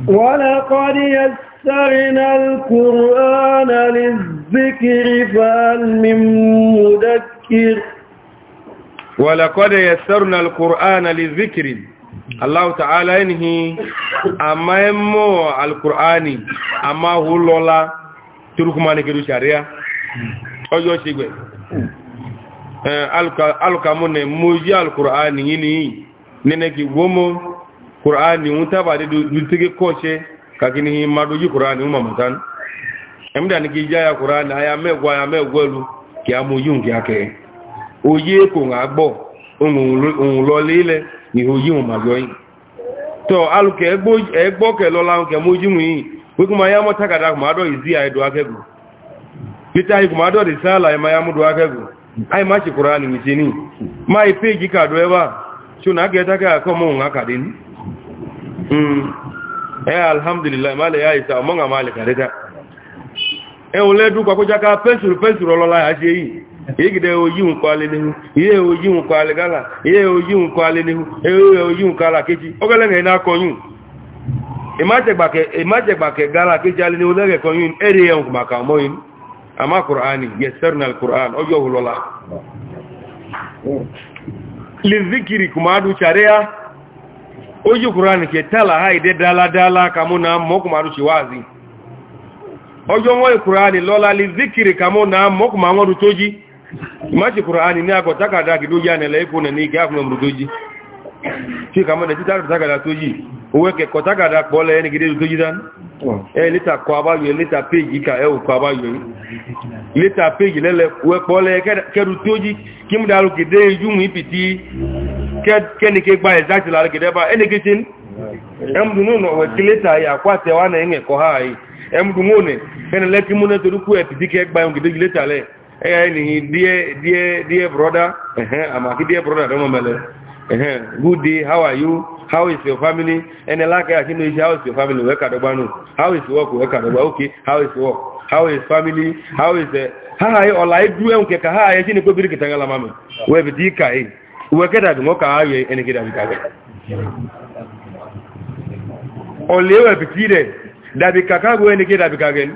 ولقد يسرنا القرآن للذكر فهل من مدكر ولقد يسرنا القرآن للذكر الله تعالى ينهي أما يمو القرآن أما هو لولا turukuma ni kedu sharia ojo shigwe eh, aluka mune muji alkur'ani yini nene ki womo kur'ani unta ba de dutike koche kakini hi maduji kur'ani umma matan emda ni ki jaya kur'ani aya megwa aya megwelu ki amuji unki ake ko wiku ma ya mo takada ku ma izi ay do akegu litahi ku ma do risala ya mu do akegu ay ma ci qur'ani ni ma e peji ka do ewa chuna ge ta ka ko mo ngaka mm eh alhamdulillah male ya isa mo male kareta e o le du ko ko jaka ya se igide oyi nihu ihe oyi nkwa gala ihe oyi nkwa nihu ihe oyi nkwa keji ogele ngai ìmájẹ̀gbàkẹ̀ gálà kí jálẹ̀ ní olóòrẹ̀ kan yìí ẹ̀rẹ̀ ẹ̀hùn kùmàkà mọ́ yìí a máa kùránì yẹ̀sẹ̀rìn alkùrán ọjọ́ òhùlọ́lá lìzíkìrì kùmàdù sàríyá ó yí kùránì kẹ tààlà ha ìdẹ́ dáadáa kàmúnà mọ́ kùmàdù síwáàzí ọjọ́ wọ́n kùránì lọ́lá lìzíkìrì kàmúnà mọ́ kùmàdù tí kàmọ́ dẹ̀ títà tàgàdà tó yìí owó ẹkẹ̀kọ́ tàgàdà pọ̀ lẹ́yìn ní gidé tó yìí dání ẹ lítà kọ abáyọ̀ lítà péjì ká ẹ òkọ abáyọ̀ yìí lítà péjì lẹ́lẹ̀ pọ̀ lẹ́ kẹ́rù tó yìí kí mú dàrú gidé yúmù ìpì tí kẹ́nìké gba ẹ̀záàtì lára gidé bá ẹnìké tí ẹmùdùnú ọ̀wẹ̀ tí lítà àkọ́ àtẹwà náà ẹ̀kọ́ ha yìí ẹmùdùnú ọ̀nẹ̀ ẹni lẹ́kí mú náà torí kú ẹ̀ pìtì kẹ́ gba ẹ̀hùn gidé yìí lítà lẹ́ ẹ̀yà ẹni díẹ̀ díẹ̀ díẹ̀ brọ́dá ẹ̀hẹ́ àmàkí díẹ̀ brọ́dá dọ́mọ mẹ́lẹ́ good day how are you how is your family ẹni lákẹ́ àti inú iṣẹ́ how is your family wẹ́kàdọ́gbá how is work wẹ́kàdọ́gbá okay how is work how is family how is eh, ha ọ̀la ẹdú ẹ̀hùn kẹka ha ẹ̀ tí ni kóbìrì kìtà ńlá mami wẹ́bì tí kà é wẹ́kẹ́dà bí wọ́n kà á yẹ ẹni kẹ́dà bí kàgẹ́ ọ̀lẹ́ wẹ́bì tí rẹ̀ dàbí kàkàgọ́ ẹni kẹ́dà bí kàgẹ́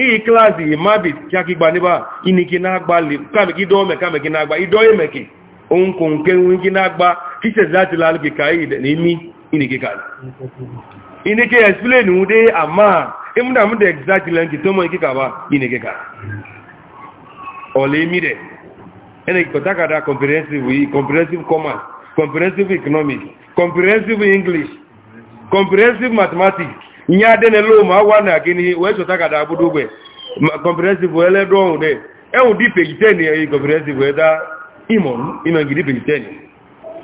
iyi klaasị mabit chakigba n'ịba iniki na-agba kameki dọọ me kameki na-agba idọọ emeki onko nke nwiki na-agba kiches datila aliki ka iyi n'imi iniki ka iniki explain ụdị ama ịmụda mụda exactly nke tomo ikika ba iniki ka ọla emire eneki comprehensive comprehensive commerce comprehensive economics comprehensive english comprehensive mathematics ihe adịna lo ma agwa na gịnị wee chọta ka dabudo ogbe comprehensive eledo ọhụrụ de ewu di pegiten comprehensive eda imon imengidi pegiten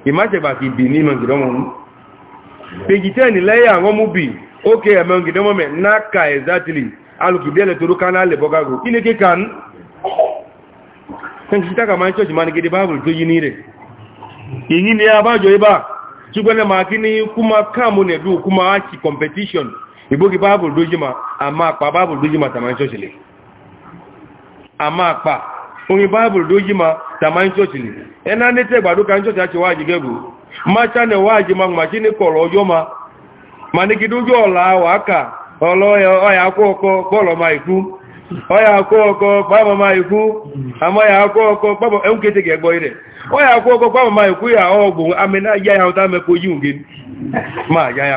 imacheba ka ibi n'imengidi ọmụmụ pegiten lẹ́yà bi oke emengidi ọmụmụ n'aka exactly alùpùpù eletoro kanal bọgago ineke kan sẹ́ńtítà kà máa ń chọ́ọ̀chì máa ní gidi báàbùlù tó yí ní rẹ̀ èyí ni abájọ ibà máa kí competition igbogi baịbụl dojima ama a baịbụl pa ama akpa onye baịbụl dojima taman chọchịlị ena nete gbado ka nchọchị achị waji gịbụ macha na waji ma ma chi kọrọ ọjọ ma ma nigide ụjọ ahụ ma ikwu ọya akwọ ma ma ikwu ya ọgwụ amena ya ya hụta ma ya ya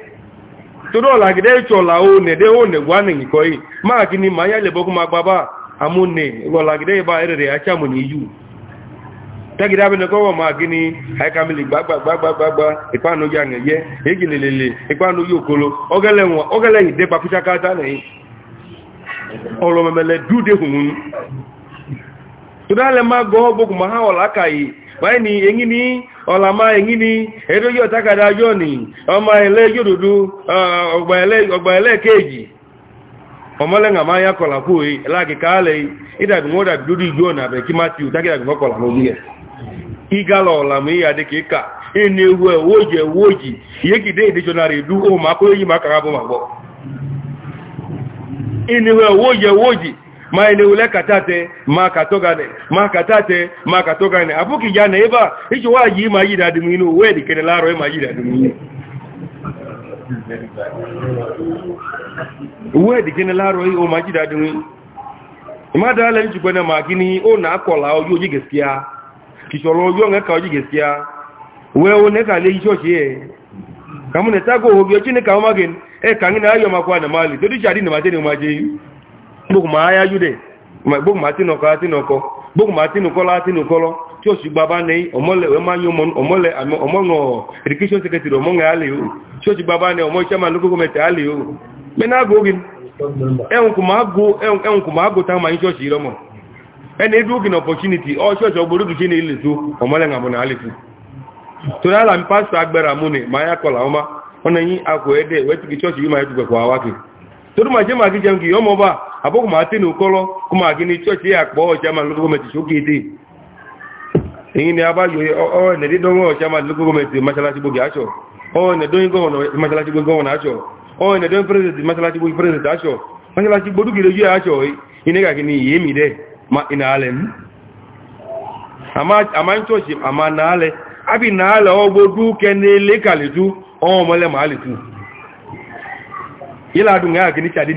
todo ọla gide ịchọla one de one gwa na nkọ yi ma gịnị ma ma gbaba amụne ọla gide erere na ma gịnị aikamili gbagbagbagbagbagba ịkpanụ gị aṅa ye egilelele ịkpanụ gị okolo ogele ide kpapụcha kata na yi ọlọmemele ha aka yi báyìí èyí ní ọ̀làmá èyí ní ẹ̀rọ yóò tákàdá yóò ní ọmọ ilẹ̀ yóò dúdú ọgbà ilẹ̀ kéèjì ọmọlẹ́ngà máa yá kọ̀lá kó láàkíkà alẹ́ ìdàbí wọ́n dàbí dúdú ìjọ ọ̀nà àbẹ̀ kí matthew tákìdàbí fọ́kọ̀lá lórí ẹ̀ ìgálọ̀ ọ̀làmú ìyàdé kíkà ẹni ewu ẹ̀ wójì ẹ̀ wójì yékìdé ìdíjọ́nà rẹ̀ ma ile ule katate ma katoga ne, ma katate ma katoga katogane abuki jana eba hicho waji ma yida duminu wedi kene laro ema yida duminu wedi kene laro o ma yida duminu imada ala hicho kwene makini o na akola oyo ji gaskiya kisholo oyo ngeka oyo gaskiya we o neka le hicho che kamune tago oyo chini ka omagin e kangina ayo makwa na mali dodi jadi ni mateni umaji gbogbo aya jude gbogbo ma tinoko atinoko gbogbo ma tinukolo atinukolo church gbaba ne omole we ma yomo omole omongo education secretary o church gbaba ne omo chairman local government ale o me na go gin ehun ku ma go ehun ku ma go o na ale tu to la la ni ma ma etu torí ma jẹ́ màá kí jẹun kì abụghị ma atị na ụkọrọ kụma gị n chọọchị ya akpọ ọcha ma loko gọọmenti chokwu ite ihe na aba na edị donwe ọcha ma loko gọọmenti machalachigbo gị achọ ọna edonye gọvanọ machalachigbo gọvanọ achọ ọna edonye prezident machalachigbo prezident achọ machalachigbo dugide ju ya de ma ị na-alị m ama chọọchị ama na-alị abi na-alị ọgbọ duke na-ele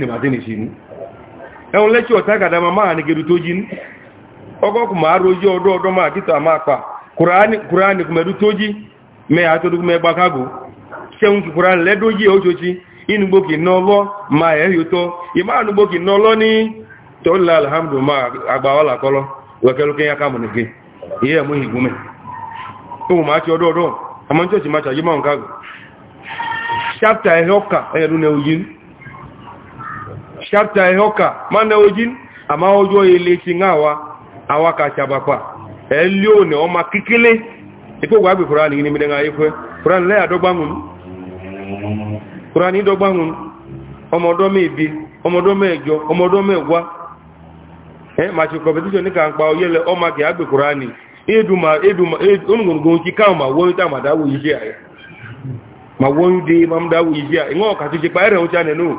na mazini shi ẹun lẹ́kí ọ̀tá gàdàmà máa ní gẹ̀rù tó jí ní ọgọ́kù máa rojí ọdọ́ ọdọ́ máa kítà máa pa kùránì kùmẹ̀dú tó jí mẹ́ àtọ́dúkùmẹ́ gbákágò ṣẹ́un kì kùránì lẹ́dọ́jí oṣoṣi inúgbókì nọ́lọ́ máa ẹ̀yọ́tọ́ ìmá ànúgbókì nọ́lọ́ ní tọ́lá alhamdu chapta ehoka mana ojin ama ojo ile e ti awaka chabakwa elio ne o makikile ipo gba gbe qur'an ni mi nga ife qur'an le adogba ngun qur'an idogba ngun omodo mebi omodo mejo omodo megwa eh ma chi competition ni kan pa oyele ma ke agbe qur'an eduma eduma onungun gun ti kan ma wo ta ma dawo yije ma wo nde ma mdawo yije aye ngo ka ti je pa ere o cha ne nu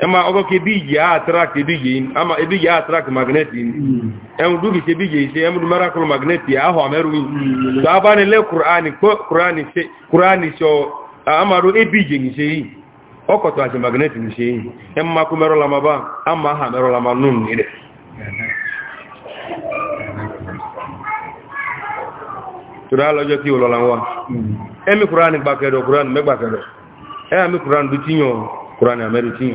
ema ogo ke biji attract biji ama e biji attract magnet ni mm. em dugi ke biji se em miracle magnet ya ho ameru ni mm. so abane le kurani se qur'an so amaru e biji ni se ase magnet ni se em ma ku ama ha mero la manun ni tura ti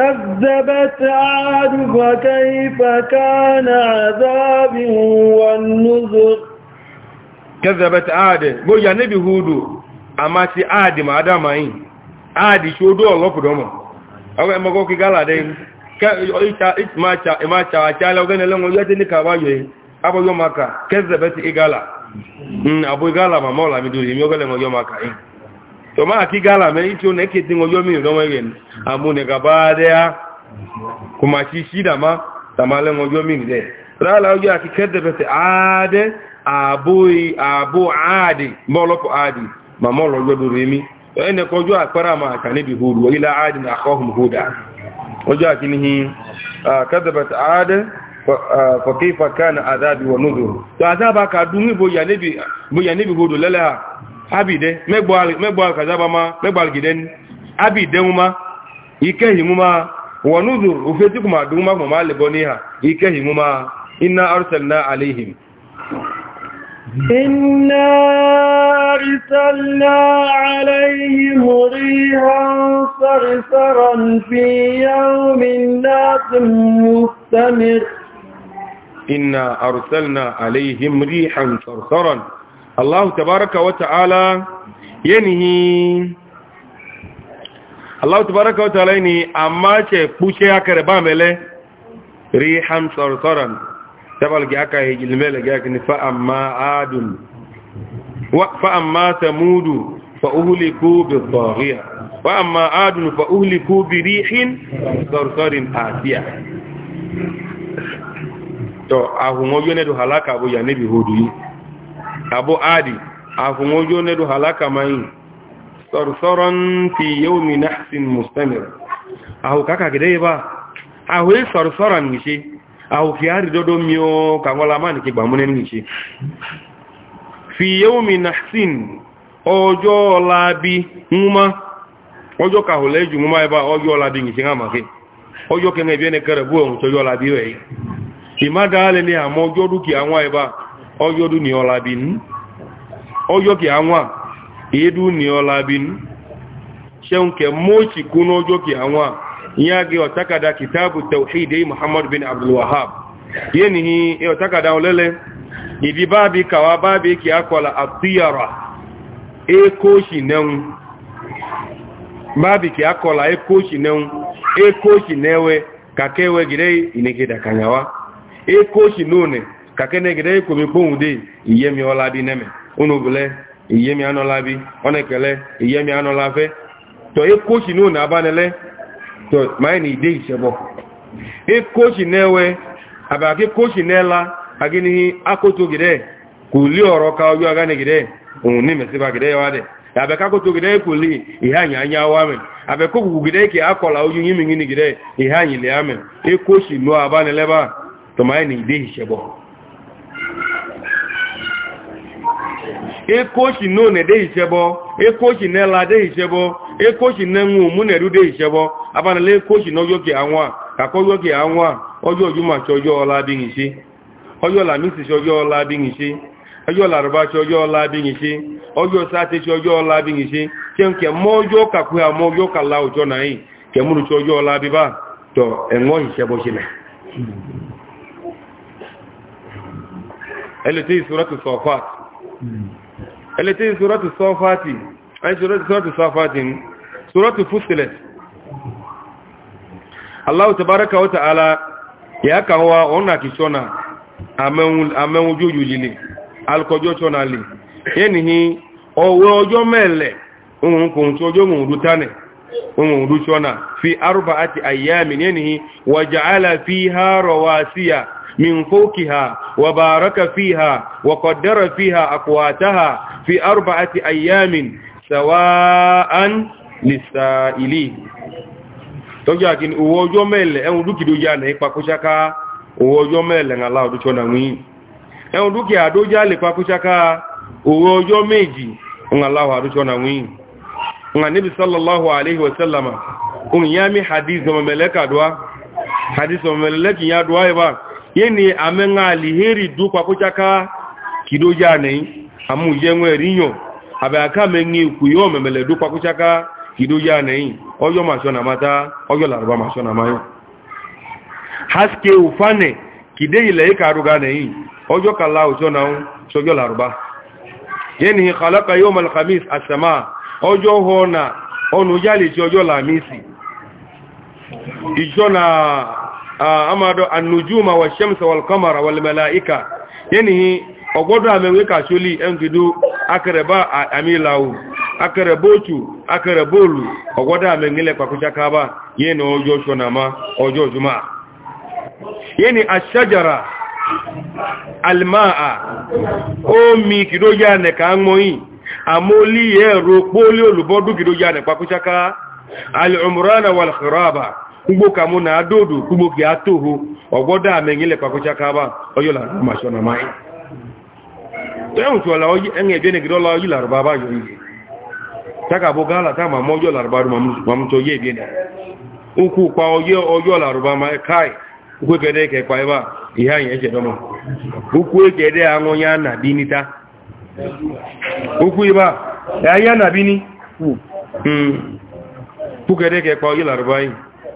oji na-ebighị uru aai a a ad aai chụdu ghọpụrala achagachaala oge ne ele nwegadin ka agba agbụghị ụmụaka kee gala e abụghị gala ma mla medụrụ ime ogene enweghị ụaka ihe tọba àti gala mẹ́ ìtí o nẹ́kẹ́ tí wọ́n yọ́ mi ìrọ́mọ́ ìrẹ̀ àmúnẹ̀gà bá dẹ́á kò máa ṣí ṣídàmá tàmàlẹ́ wọ́n yọ́ mi ìrẹ̀ rálá ojú àti kẹ́tẹ̀fẹ́sẹ̀ àádẹ́ ààbò àádì mọ́lọ́pọ̀ àádì màmọ́ ọlọ́jọ́ lórí mi ẹnẹ́kọ́ ojú àpárá máa kà níbi hùrù ilá àádì abide megbal kazaba ma megbal giden abide muma ike muma wa nuzur ufeti kuma dun ma kuma malibo ni ha ikehi inna arsalna alaihim إنا أرسلنا عليهم ريها صرصرا في يوم ناس مستمر إنا أرسلنا عليهم ريحا صرصرا Allah tabaraka wa ta'ala yanihi Allah tabaraka wa ta'ala ni amma ce kuce aka raba mele rihan sarsaran tabal gi aka yi gilmele gi aka ni fa amma adun wa fa amma samudu fa uhliku bi taghiya wa amma adun fa bi rihin sarsarin asiya to ahun oyo ne halaka bo ya ne bi hodu yi abu adi afun ojo ne du halaka mai sarsaran fi yawmi nahsin mustamir ahu kaka gide ba ahu sarsaran ngishi ahu kiari dodo mio ma mani ki gbamune ngishi fi yawmi nahsin ojo labi nguma ojo ka hole ju nguma ba ojo labi ngishi ngama ke ojo ke ngebiene kare buo ojo labi we imada ale ni amojo duki ya anwa ba ọjọ́dún ni ọlá bí ní ọjọ́ kí àwọn èédú ni ọlá bí ní ṣeun kẹ mọ́ọ̀ṣì kún ọjọ́ kí àwọn ìyáàgé ọ̀tákàdá kìtàbù tawhidi muhammad bin abdulwahab yẹ́ ni ọ̀tákàdá ọlẹ́lẹ́ ìdí báàbí kàwà báàbí kí a kọ́la àtúyàrá ekóòṣì nẹ́un báàbí kí a kọ́la ekóòṣì nẹ́un ekóòṣì nẹ́wẹ́ kàkẹ́wẹ́ gẹ́rẹ́ ìnẹ́gẹ́dà kànyàwá ekóòṣì nóònẹ̀ kake ne gede komi kpohun de iye mi ọla bi neme onobulẹ iye mi anola bi ọnẹkẹlẹ iye mi anọla fẹ tọ ekochi nu ònà abánilẹ tọ máa ní ìdé ìṣẹbọ ekochi abe ake kochi nẹla agínihí akoto gede kò lé ọrọ ka ọjọ agánẹ gede òun ní mẹsíba gede wa dẹ àbẹkákoto gede kò lé ìhà àyìn anya wa mẹ àbẹkókùkù gede kì akọlà ojú yín mi gede ìhà àyìn lè amẹ ekochi ní ònà abánilẹ bá tọ máa ní ìdé ekochi no na edehichebọ ekochi na ela adehichebọ ekochi na enwu mụ na-eru dehichebọ abanala ekochi na oyoke anwa ka ka oyoke anwa ọjọ ojuma chi ọjọ ọla adịghịchi ọjọ lamisi chi ọjọ ọla adịghịchi ọjọ larụba chi ọjọ ọla adịghịchi ọjọ sati chi ọjọ ọla adịghịchi ke nke mma ọjọ ka kwụ ha ma ọjọ ka la ụjọ na anyị kemụrụ chi ọjọ ọla abịba tọ enwọ hichebọ na. ẹlẹ́tẹ́ ìṣúrọ́tù sọfàtì ẹlẹ́tẹ́ ìṣúrọ́tù sọfàtì ẹ̀ṣúrọ́tù sọfàtì wata ala ya kàwà ọ̀nà kìṣọ́nà àmẹ́hun jójú lílé alkọjọ́ ṣọ́nà lè yẹ́nìí ọwọ́ ọjọ́ mẹ́lẹ̀ ohun kò ń tọ́jọ́ ohun rú tánẹ̀ ohun rú ṣọ́nà fi arúbà àti àyàmì ala من فوقها وبارك فيها وقدر فيها أقواتها في أربعة أيام سواء للسائلين tọ́jọ́ àkíní owó ọjọ́ mẹ́lẹ̀ ẹ̀hùn dúkìdó yà ní pakúṣáká owó ọjọ́ mẹ́lẹ̀ ńlá ọdúnṣọ́ na wí ẹ̀hùn dúkìá àdójá lè pakúṣáká owó ọjọ́ méjì ńlá ọdúnṣọ́ na wí ńlá níbi sallallahu alaihi wasallama ohun yá mi hadith ọmọ mẹ́lẹ́kàdọ́wá hadith ọmọ mẹ́lẹ́kìyàdọ́wá ibá yeni amenga aliheri du kwa kuchaka kidoja nei amu yenwe rinyo abaka mengi kuyo memele du kwa kuchaka kidoja nei oyo mashona mata oyo larba mashona mayo haske ufane kide ile ikaruga nei oyo kala ojona un sojo larba yeni khalaqa yawm alkhamis as-samaa ojo hona onu jali ti ojo lamisi ijona Ah, amado annujuma washamsa walqamara walmalaika yanihi ogbodo amewe ka soli engidu akareba amilawu akarebotu akarebolu ogbodo amengile pakuchaka ba yeni ojo shonama ojo juma yeni ashajara almaa omi kidoja ne ka nmoyin amoli ero poli olubodu kidoja ne pakuchaka al umrana wal khiraba ugbo ka na ada odo ugbo gị atụhụ ọgwọdọ ama enyele kpakọcha kaba oyola machọna maya enwechụla enyeje negide ọla oyi larụbaba yọ ihe taka bụ gala ta ma mọjọ larụbarụ ma m chọ ye ebiena ukwu kwa oye kai ukwu e kede eke kwa ebe a ihe e bini ta ukwu ibe bini pukede hmm. eke kwa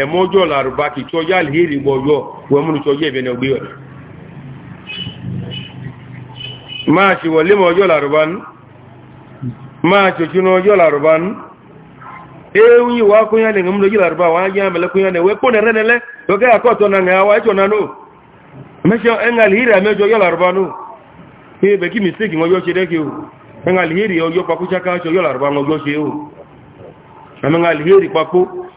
ẹ̀mọ́jọ́ làrùbá kì tí ọjá lèèrè gbọ́yọ́ wẹ́múnú tí ọjá ìbẹ̀nà gbé ọ̀dọ̀ máa ṣe wọlé mọ́ ọjọ́ làrùbá ní máa ṣe ṣúná ọjọ́ làrùbá ní ewu yìí wá kúnyà lè na ẹ̀ wá ẹ̀tọ́ nánú mẹ́ṣẹ́ ẹ̀ngà lèèrè àmẹ́jọ ọjọ́ làrùbá nù pé bẹ̀ kí mistake ọjọ́ ṣe dẹ́kẹ́ o ẹ̀ngà lèèrè ọjọ́ pakúṣáká ọjọ́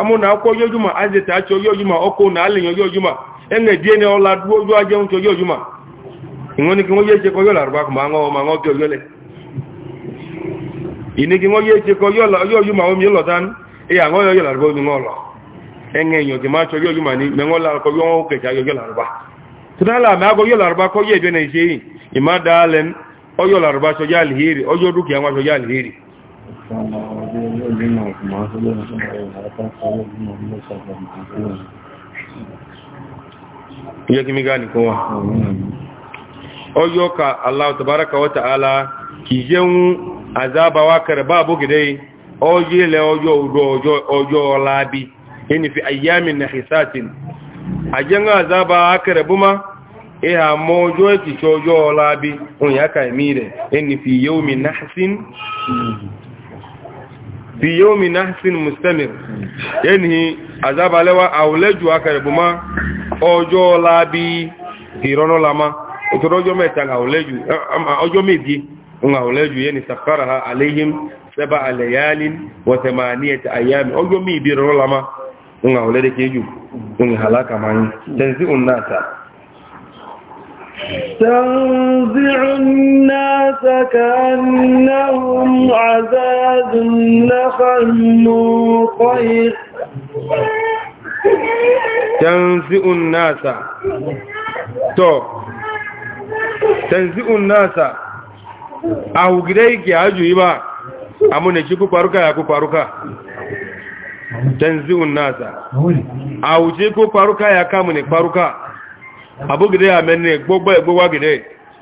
amụ na akwụkwọ oyoojuma azịta achọ oyoojuma ọkụ na alịnya oyoojuma enge die na ọla duo oyo aje nche oyoojuma nwere ike nwoye echekọ yola arụba ma aṅụọ ma ṅụọ gị oyole ine omi lọtan ịya aṅụọ ya omi ṅụọlọ ma na ise بن عثمان بن قال ابن موسى بن ka Allah tabaraka wa ta'ala ki jeun azaba wa karba bu gidai oye le ojo udo ojo ojo labi ini fi ayyamin nahisatin ajanga azaba akrabuma e ha mojo ki chojo labi on yaka mire ini fi yawmin nahsin fi yomi nahsin mustamir yanihi azabalewa awuleju akaribuma ojo labi irono lama otoro ojo meta awuleju ojo meji un awuleju yani sakharaha alayhim sab'a layalin كأنهم عذاب نخل منقير تنزئ الناس تو تنزئ الناس أو غيرك إبا أمو نشيكو باروكا يكو باروكا تنزئ الناس أو جيكو باروكا يكامو نكباروكا أبو غيرك أمني بوبا بوبا غيرك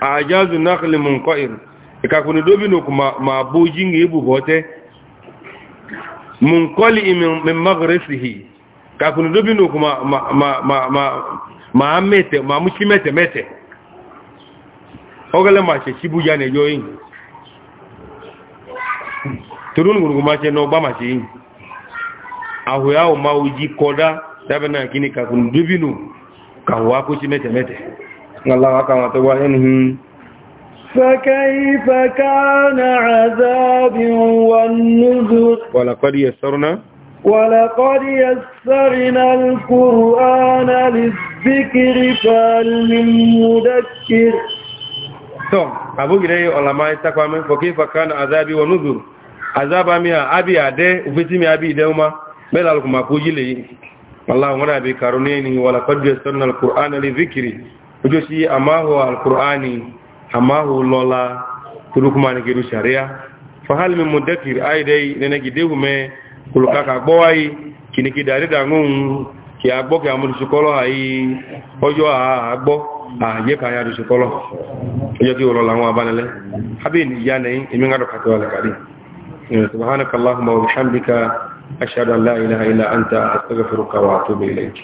ajazu nakli munqair ikakuni dobino kuma mabuji ngibu bote munqali min maghrisihi kakuni dobino kuma ma ma ma ma ma mete ma muchimete mete ogale ma che chibu jane yoyin turun gurgu ma che no ba ma che ahu yawo ma uji koda tabana kini kakuni ka kawa ko chimete mete, mete. فكيف كان عذابي والنذر ولقد يسرنا ولقد يسرنا القرآن للذكر فهل من مدكر تو أبو جري علماء تقوامي فكيف كان عذابي والنذر عذاب أمي أبي أدي وفتمي أبي ما بلا لكم أكوجي لي والله أنا بكارونيني ولقد يسرنا القرآن للذكر ojo si amahu alqur'ani amahu lola turukuma ne geru sharia fa hal min mudakkir ay dai ne ne kini ki dare da ngun ki agbo ki ojo a agbo a ye ka ya du sukolo ojo ki lola won abanele habin ya ne imi ngado ka to alkari سبحانك اللهم وبحمدك أشهد أن لا إله إلا أنت أستغفرك وأتوب إليك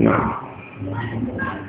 náà